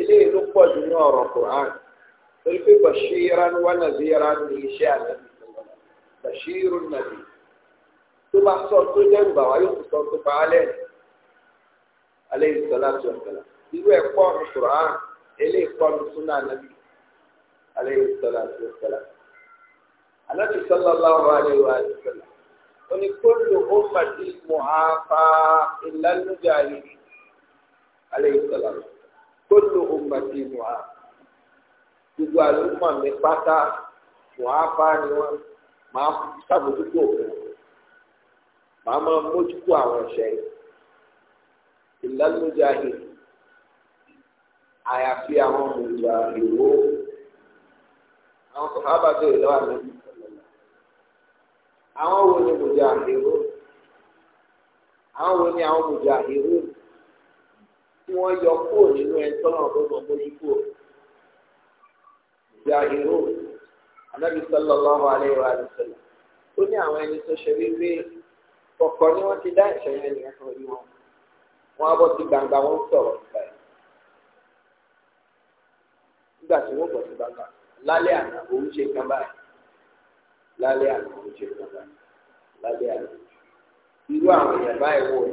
eléyìí ló pọ̀ jù ní ọ̀rọ̀ Qur'an torí pé bashiran wa nadhiran ní iṣẹ́ ànábì bashirun nàbí tó bá sọ tó dẹ́rù bàwá yóò sọ tó bá alẹ́ alayhi salatu wa salam irú ẹ̀ pọ̀ ní Qur'an eléyìí pọ̀ ní súnà nàbí alayhi salatu wa salam alábi sallallahu alayhi wa sallam oni kóńdò ó màdí ìlànà jàre alayhi salatu kótó ọmọdé wà gbogbo àlùmọ̀ mi pátá wà á bá ní wọn máa sàbójútó òfin màá máa mójútó àwọn ẹ̀ṣẹ̀ yìí ìlànàjà yìí àyàfi àwọn mùjà ìwó àwọn sọ̀hábà tó yẹ lọ́wọ́ àmì àwọn wo ni mùjà ìwó àwọn wo ni àwọn mùjà ìwó tí wọ́n yọ kúrò nínú ẹ̀ tọ́nà ọ̀gbọ́n bójú kúrò. Ìgbà ìró Ànábì sallallahu alaihi wa sallam. Ó ní àwọn ẹni tó ṣe wípé kọ̀kọ́ ni wọ́n ti dá ìṣẹ̀lẹ̀ nìyẹn fún orí wọn. Wọ́n á bọ́ sí gbangba wọ́n sọ̀rọ̀ nípa ẹ̀. Nígbà tí wọ́n bọ̀ sí gbangba lálẹ́ àná òun ṣe kan báyìí. Lálẹ́ àná òun ṣe kan báyìí. Lálẹ́ àná. Irú àwọn èèyàn báyìí wọ̀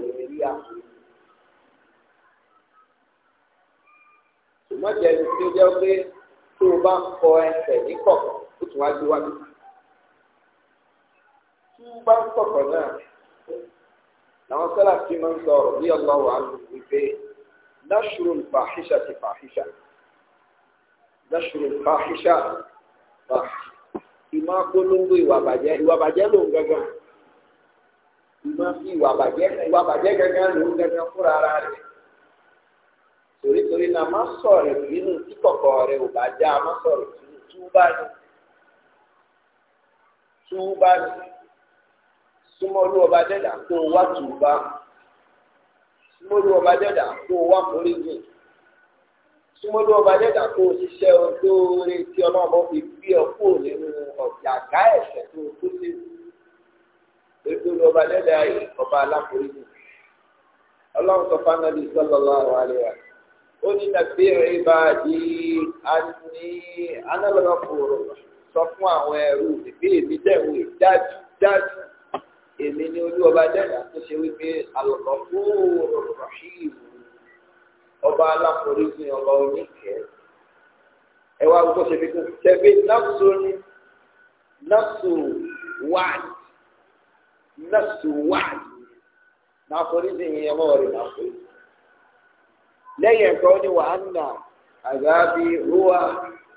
ìmọ̀jẹ̀ ẹni tí ó jẹ́ pé tó o bá ń kọ ẹsẹ̀ ní kọ̀kọ̀ ó tún wá gbé wá bí. tí o bá ń kọ̀kọ̀ náà làwọn sọ́là fi máa ń sọ ọ̀rọ̀ bí ọlọ́wọ́ àlù wípé náṣúrò fàáhíṣà ti fàáhíṣà náṣúrò fàáhíṣà fàáhíṣà ìmọ̀ polongo ìwà bàjẹ́ ìwà bàjẹ́ ló ń gángan ìmọ̀ ìwà bàjẹ́ ìwà bàjẹ́ gángan ló ń gángan fúnra ara rẹ̀. toritori na má sọ̀rọ̀ nínú kíkọ̀kọ̀ rẹ̀ ò bá já má sọ̀rọ̀ nínú túbá ni túbá ni ọba dẹ́dà kó o wá túbá ọba dẹ́dà kó o wá foríjì ọba dẹ́dà kó o ṣiṣẹ́ olóore tí ọlọ́mọ fi gbé ọ kúrò nínú ọ̀jàgá ẹ̀ṣẹ̀ tó ọba dẹ́dà yìí ọba ọlọ́run sọ wa ó ní nàbíyà ìbàdí àní anábàlọ́pọ̀ sọ fún àwọn ẹrú ìbí èmi dẹ̀wò dájú dájú èmi ni olúwọba dẹ́gbà tó ṣe wípé ọba aláforíjì ọba oníkẹ́ ẹ wá gbogbo ṣe fi kún tẹ̀gbẹ́ nafsu nafsu wáàdì nafsu wáàdì náà foríjì yẹn lẹ́yìn ẹ̀kọ́ ní wàhánà àgbàbí rúwà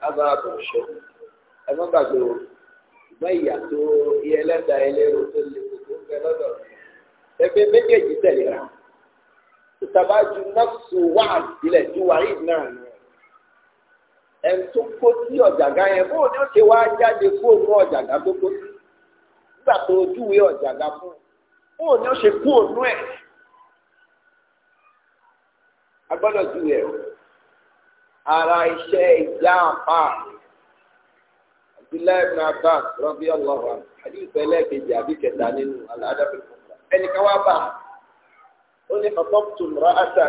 àgbàbò ṣọ ẹ má gbàgbé o ìyà tó iye ẹlẹ́dàá ẹlẹ́rọ tó lè ń bẹ lọ́dọ̀ ẹgbẹ́ méjèèjì tẹ̀lé ra ìtàbá ju wà sílẹ̀ ju ẹ̀ kó sí ọ̀jàgá yẹn wá jáde a gbọ́dọ̀ ju ẹ̀ ara iṣẹ́ ìjà àpá abdullahi ibn abbas rabi allah hadith ẹlẹ́ẹ̀kejì àbí kẹta nínú aláàdáfẹ́ fúnra ẹnìkan wá bá ó ní ọ̀tọ́pùtù mìíràn àtà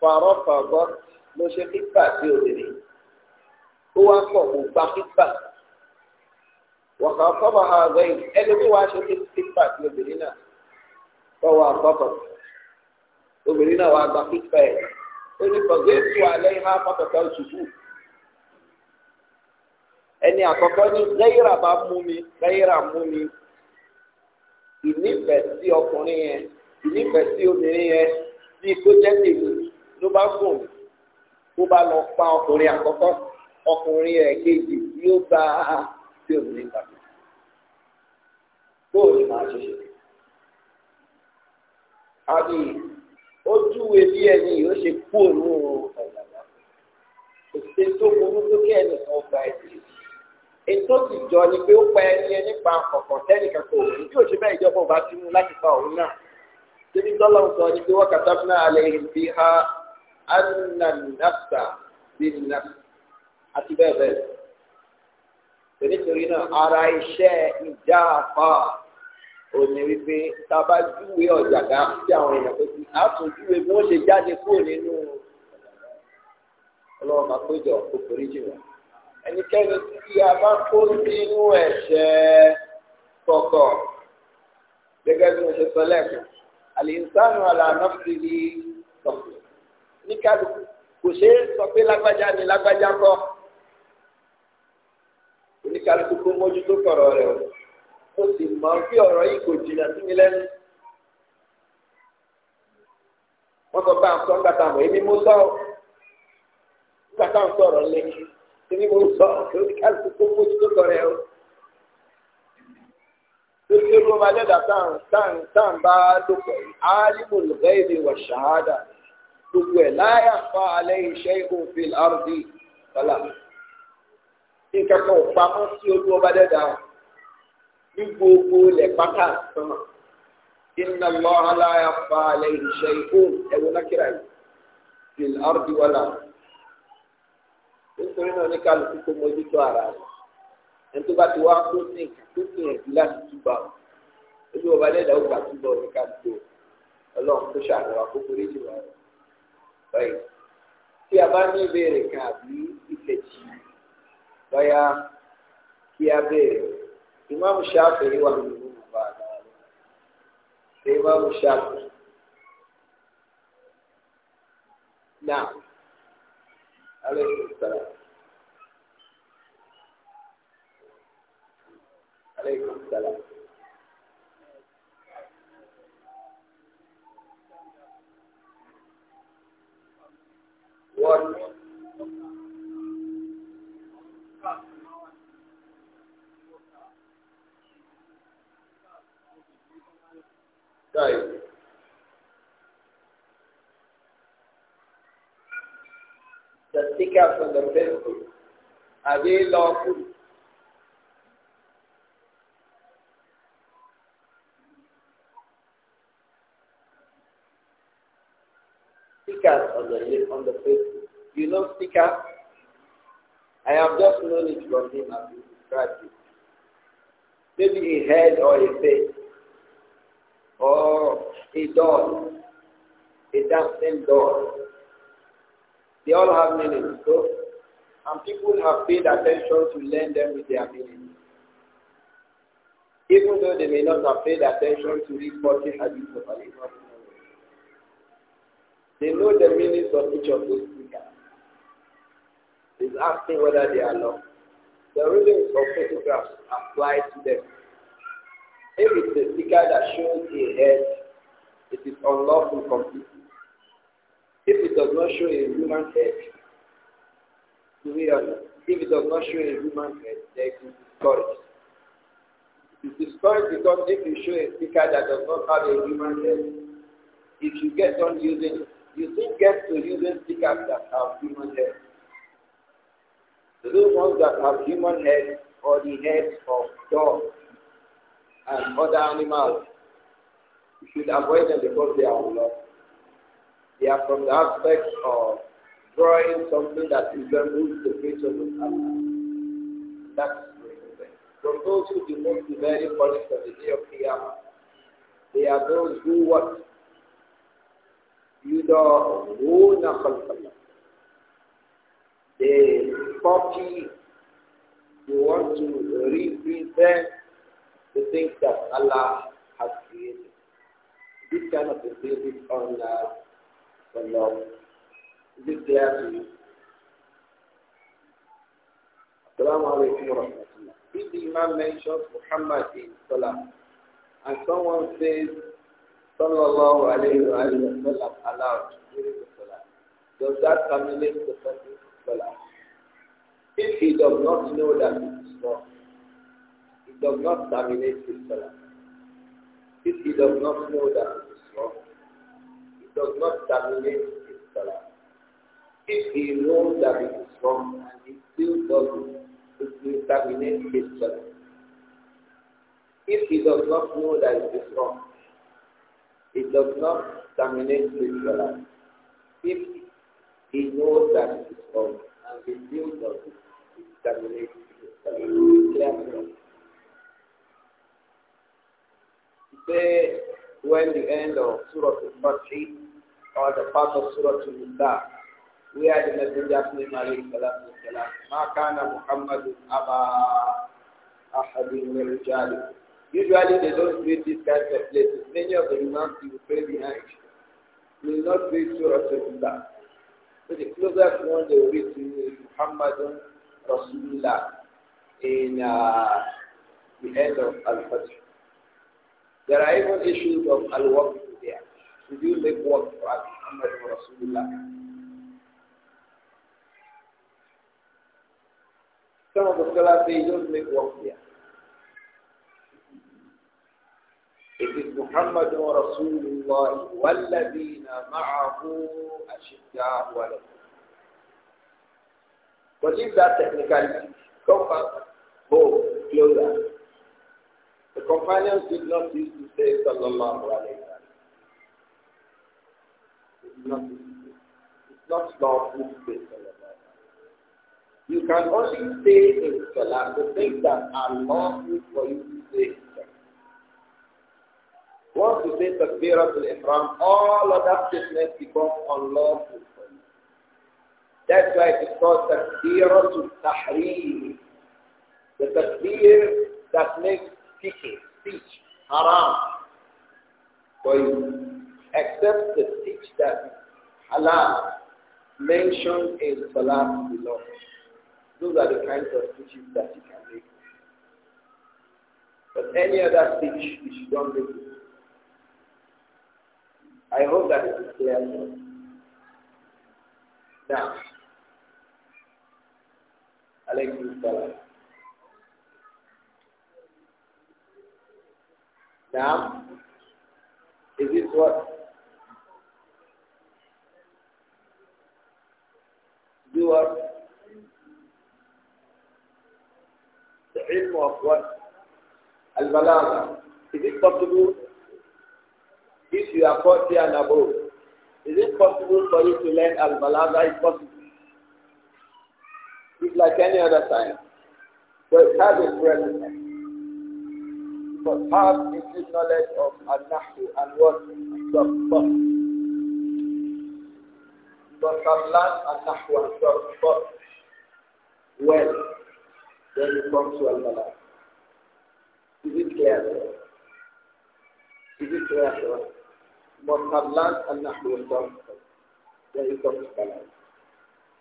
fàárọ̀ fàbọ̀ ló ṣe kíkà sí obìnrin ó wá kọ̀ kó gba kíkà wọ̀kà ọ̀kọ́ bá ha gbẹ̀yìn ẹni tó wá ṣe kíkà sí obìnrin náà bọ́wọ́ àkọ́kọ́ obìnrin náà wà gba pípa ẹ̀ ó ní kọ̀gé tu alẹ́ ihá pàtàkì ṣùkú ẹni àkọ́kọ́ ní gẹ́yìrà bá mú mi gẹ́yìrà mú mi ìnífẹ̀ẹ́ sí ọkùnrin yẹn ìnífẹ̀ẹ́ sí obìnrin yẹn bí kó jẹ́ tèmi ló bá gùn tó bá lọ pa ọkùnrin àkọ́kọ́ ọkùnrin ẹ̀ kejì yóò gba tí obìnrin gbà bóòlù máa ṣe. ojú ebi ẹni yìí ó ṣe kú òun o ọ̀gbàgbà kò sí tó burú tó kí ẹnì kan gba ẹ̀jẹ̀ ètò ìjọ ni pé ó pa ẹni ẹni pa kọ̀ọ̀kan tẹ́nìkan kò ìjọba ti mú láti pa òun náà síbi tọ́lọ̀ ń sọ ni pé wọ́n kàtà fún alẹ́ ìrìnbí ha àti ara iṣẹ́ ìjà òní wípé tá a bá júwe ọ̀jàgá sí àwọn èèyàn tó ti àtúnjúwe bí wọ́n ṣe jáde kúrò nínú ọlọ́run máa péjọ òkòrí jìnnà ẹnikẹ́ni tí a bá kó sínú ẹ̀ṣẹ̀ kọ̀ọ̀kọ̀ gẹ́gẹ́ bí mo ṣe sọ lẹ́ẹ̀kan àlìsánù àlànà fìdí sọ̀tún ní kálukú kò ṣeé sọ pé lágbájá ni lágbájá kọ́ oníkálukú kó mójútó kọ̀rọ̀ rẹ̀ o mo sì mọ̀ bí ọ̀rọ̀ yìí kò jìnnà sí mi lẹ́nu. wọ́n sọ bá ń sọ ńgbà táwọn èmi mú sọ ńgbà táwọn sọ̀rọ̀ lé èmi mú sọ lórí kálukú tó mú tó sọ̀rọ̀ ẹ o. lórí ẹrú ọba dẹ́dà táwọn táwọn táwọn bá lòpọ̀ alimu lùgẹ́yìnì wà ṣáádà gbogbo ẹ̀ láyà fa alẹ́ iṣẹ́ òfin rd kọ́lá. nǹkan kan pamọ́ sí olú ọba dẹ́dà ní gbogbo ilẹ̀ pátá sọ́mà inna Allaha la yakhfa alayhi shay'un ẹ̀wọ̀n lákìrà yìí fil ardi wala nítorí náà ní kálukú kó mójútó ara rẹ̀ ẹni tó bá ti wá kó sí nǹkan tó gbìyànjú láti túbà ó bí ọba lẹ́dàá ó gbà túbọ̀ ní kálukú ọlọ́run tó ṣàlùwà kókóré jù wá rẹ̀ báyìí tí a bá ní ìbéèrè kan àbí ìfẹ̀jì báyà kí a béèrè امام الشافعي وحده بعد إيه امام الشافعي نعم عليه السلام عليكم السلام What? Right. The sticker on the Facebook, are they lawful? Stickers on the on the Facebook. You know sticker? I have just known it from him as he described it. Maybe a head or a face or a doll, a dancing doll. They all have meaning, so, and people have paid attention to learn them with their meaning. Even though they may not have paid attention to these 40 habits of they know the meanings of each of those speakers. It's asking whether they are loved. The readings of photographs apply to them. If it's a sticker that shows a head, it is unlawful completely. If it does not show a human head, do we understand? If it does not show a human head, then it is discouraged. It is discouraged because if you show a sticker that does not have a human head, if you get on using you still get to using stickers that have human heads. So those ones that have human heads or the heads of dogs and other animals. You should avoid them because they are unlawful. They are from the aspect of drawing something that resembles the creature of Allah. That's from those who devote the very punished of the day of Qiyamah. They are those who what? يدعون They copy, they want to represent the things that Allah has created. This kind of a basis on love, for love. Is it clear to you? If the Imam mentions Muhammad in Salah, and someone says, Sallallahu alayhi wa alayhi wa sallam aloud during the Salah, does that terminate the person's Salah? If he does not know that it's wrong, does not terminate his salah. If he does not know that it's wrong, he does not terminate his salah. If he knows that it is wrong and he still does it, it will terminate his salah. If he does not know that it is wrong, it does not terminate his salah. If he knows that it is wrong and he still does it, it terminates his salah. when the end of Surah al fatiha or the part of Surah al we where the Messenger of alayhi salatu wasalam, "Ma kana مُحَمَّدٌ أَبَا أَحَدٍ مِنْ Usually they don't read these kinds of places. Many of the imams you pray behind will not read Surah Al-Nisa. So the closest one they read to you is Muhammadun Rasulullah in uh, the end of Al-Fatih. There are even issues of al-waqf there. Should you make work for Muhammad Rasulullah? Some of the scholars say you don't make work there. It is Muhammad Rasulullah والذين معه أشداء ولد. But leave that technicality. Come back, go closer companions did not used to say sallallahu alayhi wa It's not lawful to say sallallahu You can only say in salah the things that are lawful for you to say once you say takbirat al-ihram, all of that statements becomes unlawful for you. That's why it's called takbirat al-tahrim. The takbir that makes speaking, speech, haram So you, accept the speech that Allah mentioned in Salah below. Those are the kinds of speeches that you can make. But any other speech, you should not make it. I hope that it is clear. Now, عليكم السلام Now, is this what? Do what? The ilm of what? Al-Balagha. Is it possible? If you are 40 and above, is it possible for you to learn Al-Balagha? It's possible. It's like any other time. But it has a presence but have complete knowledge of al and what sarf. But have learned al and the sarf well, then you come to al-balagh. Is it clear? Is it clear But have learned al and the sarf, then you come to balagh.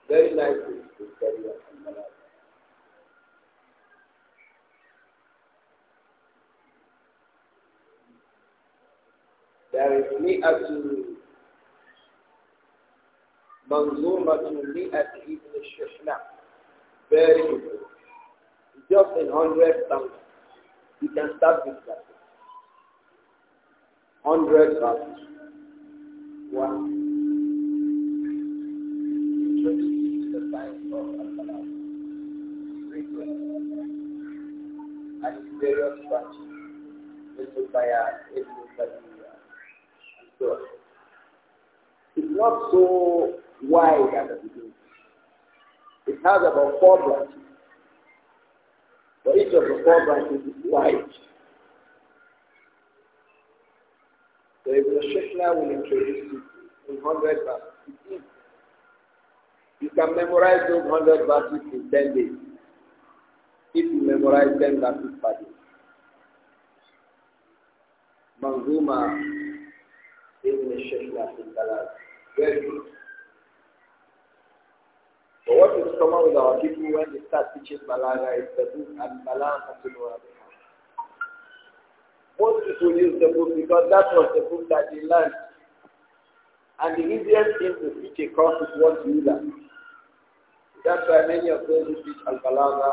Very nice to study al-balagh. There is mi'atu ibn Very good. Just in hundred thousand. You can start with that. Hundred thousand. One. various branches. Ibn Bayat, Ibn Bayat. So it's not so wide at the beginning. It has about four branches. But each of the four branches is wide. So if Ibn Shekla will introduce it in 100 verses. You can memorize those 100 verses in 10 days. If you memorize 10 verses per day. Manzuma very good. But what is common with our people when they start teaching Malaga is the book and Malaga Most people use the book because that was the book that they learned. And the easiest thing to teach a course is what you learn. That's why many of those who teach Al-Balaga,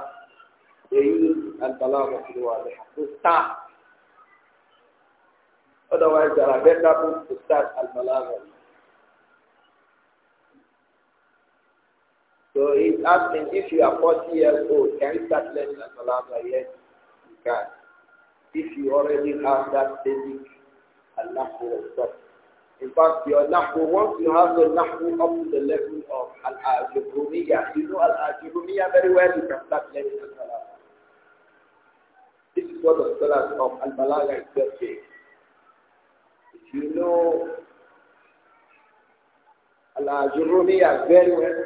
they use Al-Balaga to start Otherwise, there are better books to start al malaga So he's asking, if you are 40 years old, can you start learning al malaga Yes, you can. If you already have that basic Al-Nahwu stuff. In fact, your Nahwu, once you have the Nahwu up to the level of Al-Ajrumiyyah, you know Al-Ajrumiyyah very well, you can start learning al malaga This is what the scholars of Al-Balagha is saying. You know Allah Ajurumiyah very well.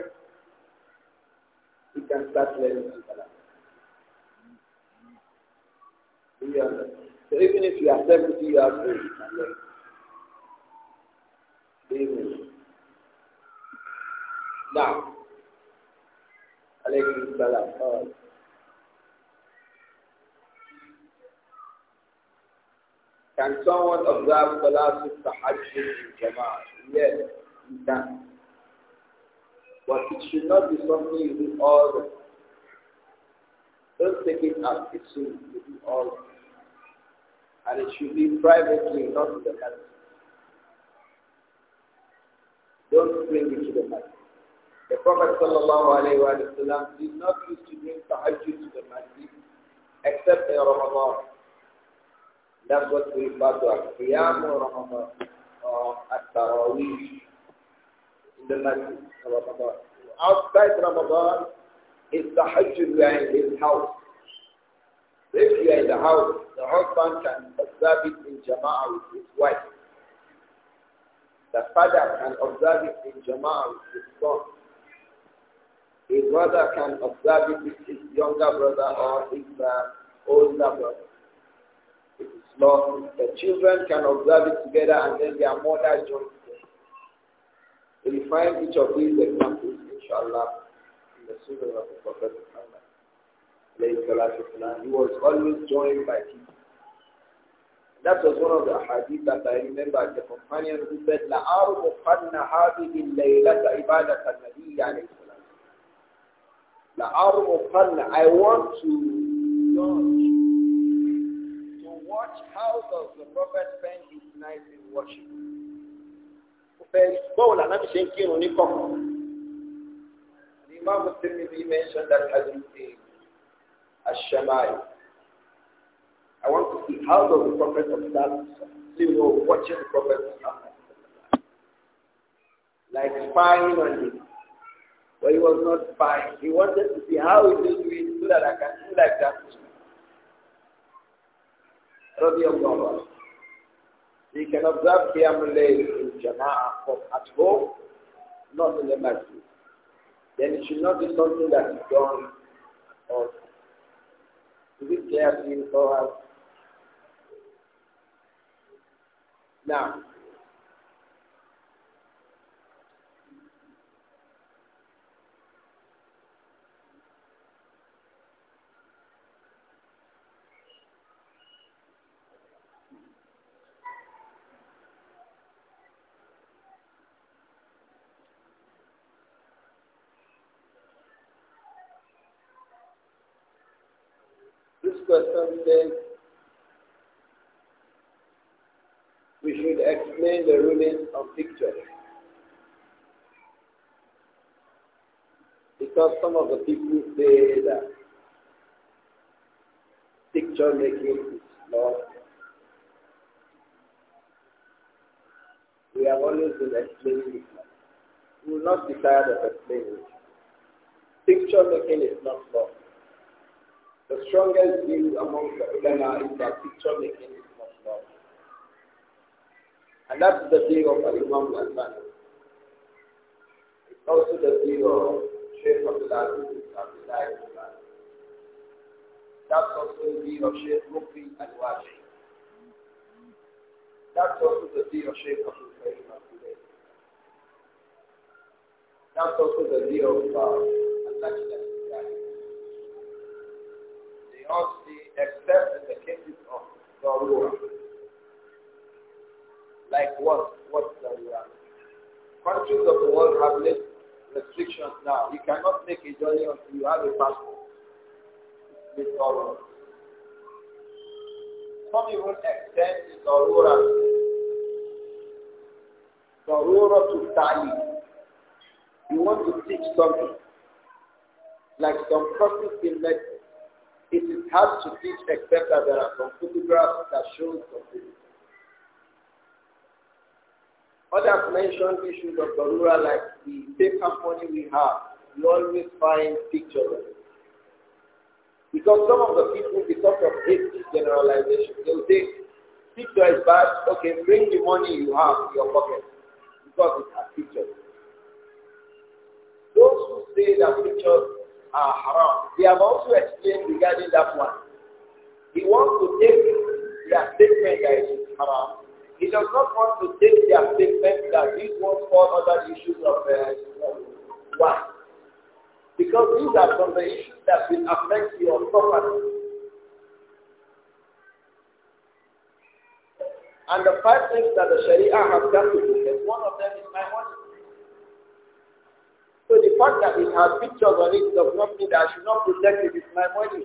You can start learning Salah. You So even if you are 70, you are good. Now, alaykum salam. Can someone observe of the tahajjud in Jama'ah? Yes, he can. But it should not be something you do all the time. Don't take it as it should be do all the time. And it should be privately, not in the masjid. Don't bring it to the masjid. The Prophet ﷺ did not used to bring tahajjud to the masjid except in Ramadan. That's what we refer to as Qiyamu Ramadan or uh, At-Tarawih in the masjid Ramadan. Outside Ramadan is the Hajj in his house. If you are in the house, the husband can observe it in Jama'ah with his wife. The father can observe it in Jama'ah with his son. His mother can observe it with his younger brother or his uh, older brother the children can observe it together and then their mother joins them. We find each of these examples, inshallah, in the Surah of the Prophet Muhammad. He was always joined by people. That was one of the hadith that I remember the companion who said, La arbuqanna hadihi laylata al nabiya alayhi salam. La arbuqanna, I want to worship. Ó fẹ́ bọ́ọ̀ là náà fi ṣe ń kírun ní kọ̀ọ̀kan. The Imam Tirmidhi mentioned that hadith in Ash-Shama'il. I want to see how does the Prophet of that still know watching the Prophet of that like spying on him. But he was not spying. He wanted to see how he will do it so that I can do like that. رضي he can observe Qiyam al-Layl in Jama'ah from at home, not in the masjid. Then it should not be something that is done or is it clear to you Now, the ruling of victory. Because some of the people say that picture making is not. We have always been explaining it. We will not be tired of explaining it. Picture making is not wrong. The strongest view among the ulama is that picture making is and that's the deal of Imam Al-Albani. It's also the deal of Sheikh Abdul Abdullah That's also the deal of Sheikh Mukhi Al-Washi. That's also the deal of Sheikh Abdul Karim Abdullah. That's also the deal of uh, They all see, except in the cases of Zawrura. Like what? What the uh, Countries of the world have less restrictions now. You cannot make a journey until you have a passport. It's all Some even extend the The aurora to study. You want to teach something. Like some courses in medicine. It is hard to teach except that there are some photographs that show something. Others mentioned issues of Barura like the paper money we have. We always find pictures Because some of the people, because of hasty generalization, they'll say, picture is bad, okay, bring the money you have in your pocket. Because it's a picture. Those who say that pictures are haram, they have also explained regarding that one. He wants to take their statement that it is haram he does not want to take their statement that he wants fall under the issues of uh, why. Because these are of the issues that will affect your property. And the five things that the Sharia has done to protect, one of them is my money. So the fact that it has pictures on it does not mean that I should not protect it with my money.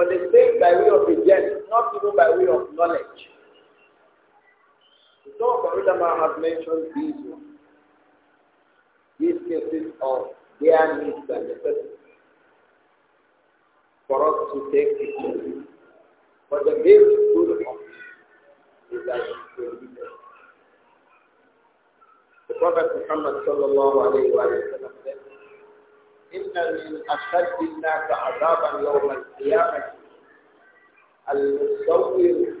for the sake by way of a jest, not even by way of knowledge. So Ulama have mentioned these ones. These cases of their needs and necessities for us to take it. But the basic good of it is that it will be there. The Prophet Muhammad sallallahu alayhi wa sallam إن من أشد الناس عذابا يوم القيامة المصور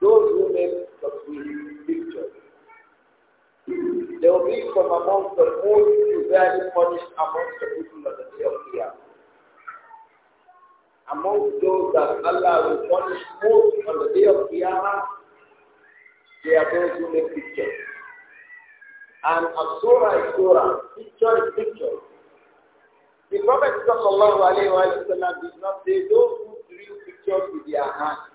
those who make the pictures. They will be from among the most severely punished amongst the people of the day of Qiyam. Among those that Allah will punish most on the day of Qiyamah, they are those who make pictures. And Asura is Surah, picture is picture. The Prophet ﷺ did not say those who drew pictures with their hands.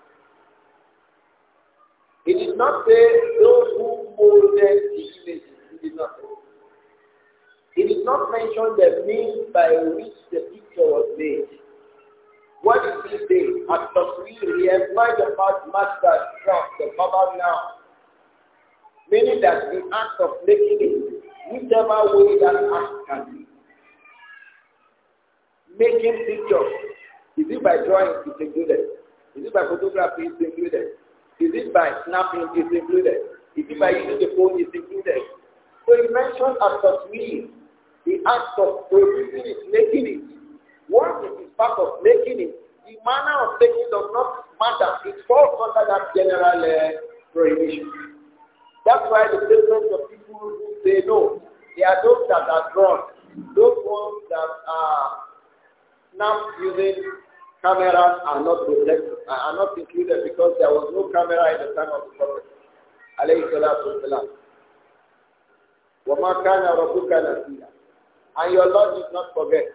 He did not say those who molded the images. He did not say. He did not mention the means by which the picture was made. What did he say? At the he employed the past master craft. the Baba now meaning that the act of making it, whichever way that act can be, making pictures, is it by drawing, it's included. Is it by photography, it's included. Is it by snapping, it's included. Is it by using the phone, it's included. So he mentioned as of me, the act of producing it, making it. Once it is part of making it, the manner of making does not matter. It falls under that general uh, prohibition. That's why the statements of people who say no, they are those that are drawn. Those ones that are not using cameras are not protected, are not included because there was no camera in the time of the Prophet. عليه الصلاة والسلام. وما كان ربك نسيا. And your Lord did not forget.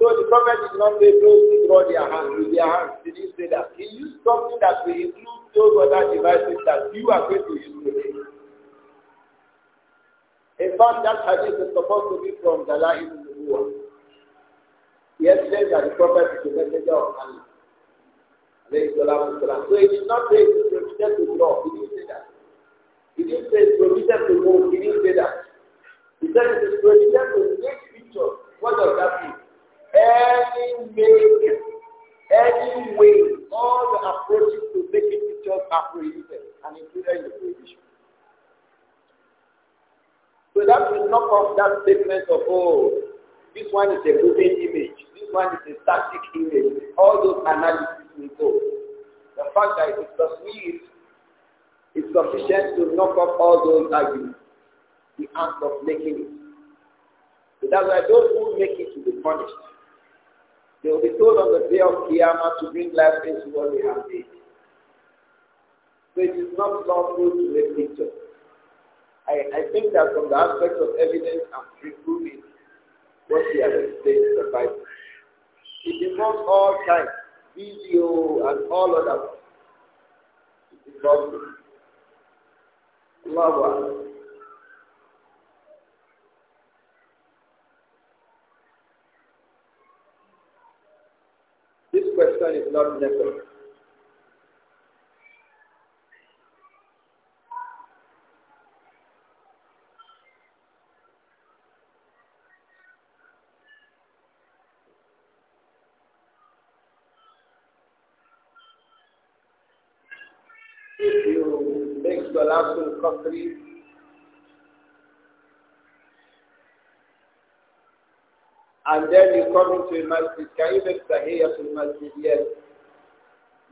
So the Prophet did not say those who draw their hands with their hands. Did he say that? He used something that will include those other devices that you are going to use today. In fact, that hadith is supposed to be from Dala'il al-Nubuwa. He explained that the Prophet is the messenger of Allah. So it's not say it is prohibited to draw. He didn't say that. He didn't say it's prohibited to move. He didn't say that. He said it is prohibited to make pictures. What does that mean? Any make, any way, all the approaches to making pictures are prohibited and included in the prohibition. So that will knock off that statement of, oh, this one is a moving image, this one is a static image. All those analyses will go. The fact that it is perceived is sufficient to knock off all those arguments, the act of making it. So that's why those who make it will be punished. They will be told on the day of Qiyamah to bring life into what they have made. So it is not lawful to make pictures. I, I think that from the aspect of evidence and proving what he has explained in the Bible, it involves all kinds, video and all of that. It involves it. Allah. This question is not necessary. Bakri. And then you come into a masjid. Can you make Tahiyya to masjid? Yes.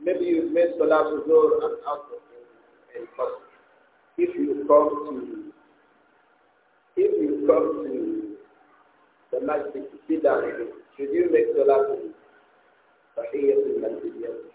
Maybe you've made Salah to go and out of the person. If you come to, if you come to the masjid to sit down, should you make Salah to Tahiyya to masjid? Yes.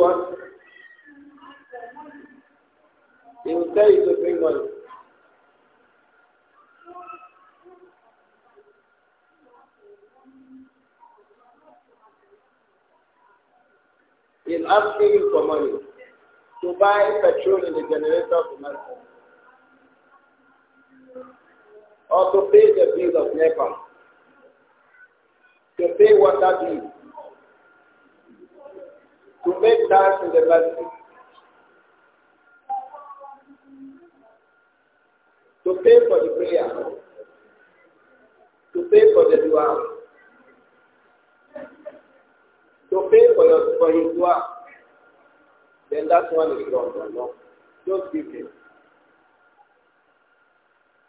what? They will tell you to bring money. He's asking you for money to buy petrol in the generator of the market or to pay the bill of NEPA, to pay water bill, make dance in the masjid. To pay for the prayer. To pay for the dua. To pay for your for his dua. Then that one is wrong. No. Just give him.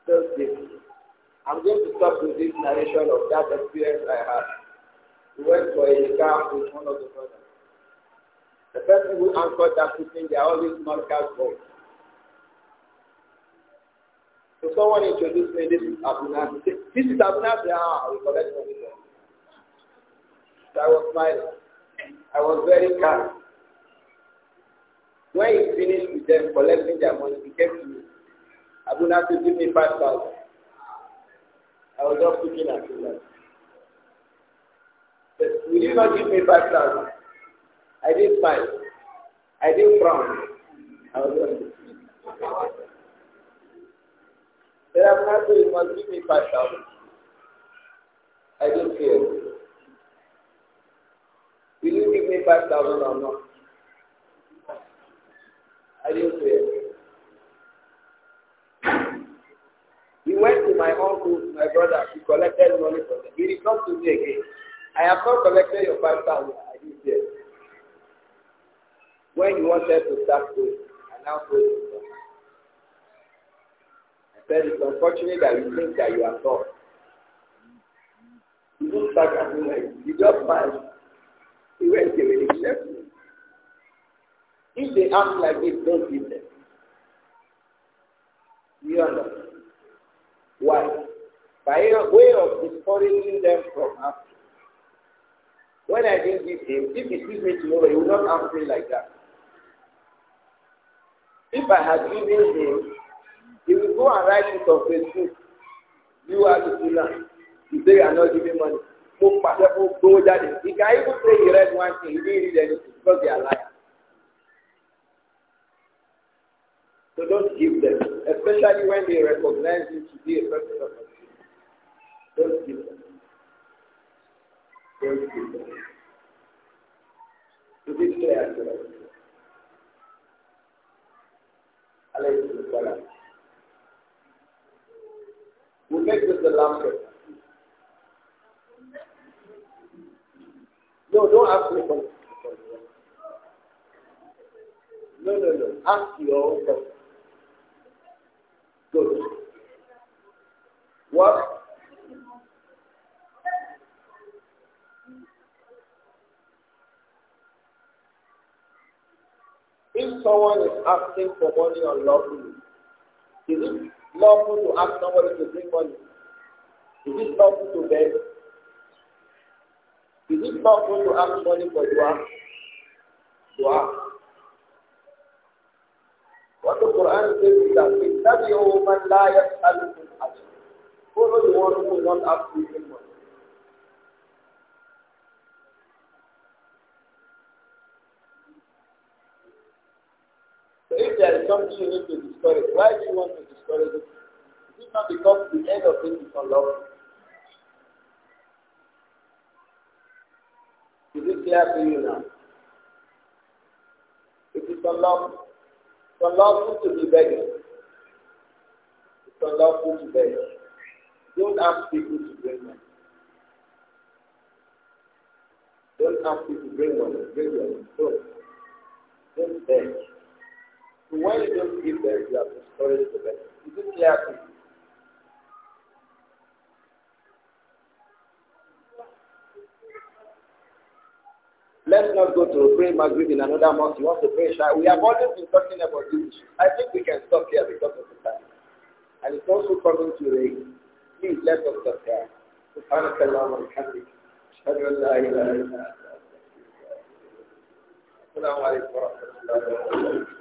Just give him. I'm going to stop with this narration of that experience I had. We went for a camp with one of the brothers. The person who answered that question, they are always not voice. So someone introduced me, this is Abu Nasir. This is Abu Nasir. Ah, we collect money from So I was smiling. I was very calm. When he finished with them collecting their money, he came to me. Abu Nasir give me 5,000. I was just looking at him. Will you not give me 5,000? I did smile. I did frown. I was Then I'm not sure you must give me 5,000. I don't care. Will you give me 5,000 or not? I don't care. He went to my uncle, my brother, he collected money from him. He did not to me again. I have not collected your 5,000. I didn't care. When you wanted to start praying, and now praying is done. I said it's unfortunate that you think that you are God. You don't start at midnight. You just passed. He went away. He left me. If they act like this, don't give them. You understand? Why? By a way of discouraging them from asking. When I didn't give him, if he sees me tomorrow, he will not ask me like that. If I had given him, he will go and write it on Facebook. You are the sinner. You say you are not giving money. Mo pàṣẹ fún gbówó jáde. He can even say he read one thing, he didn't read anything because they are lying. So don't give them, especially when they recognize you to be a person of God. Don't give them. Don't give them. To be clear to us. We make this the last question. No, don't ask me No, no, no. Ask your own question. Good. What If someone is asking for money unlawfully, is it lawful to ask somebody to bring money? Is it lawful to beg? Is it lawful to ask money for dua? Dua. What the Quran says is that, "Ittabi'u man la yas'alukum ajr." Follow the one who will not ask you money. there is something you need to discourage, why do you want to discourage it? Is it not because the end of it is unlawful? Is it clear to you now? It is unlawful. It's unlawful to be begging. It's unlawful to beg. Don't ask people to bring money. Don't ask people to bring money. Bring money. Don't. Don't beg. So when you don't give them, you have discouraged the Is it clear to you? Let's not go to pray Maghrib in another month. You want to pray We have always been talking about this issue. I think we can stop here because of the time. And it's also coming to rain. Please let us stop here. سبحانك اللهم وبحمدك أشهد أن لا إله إلا أنت السلام عليكم الله وبركاته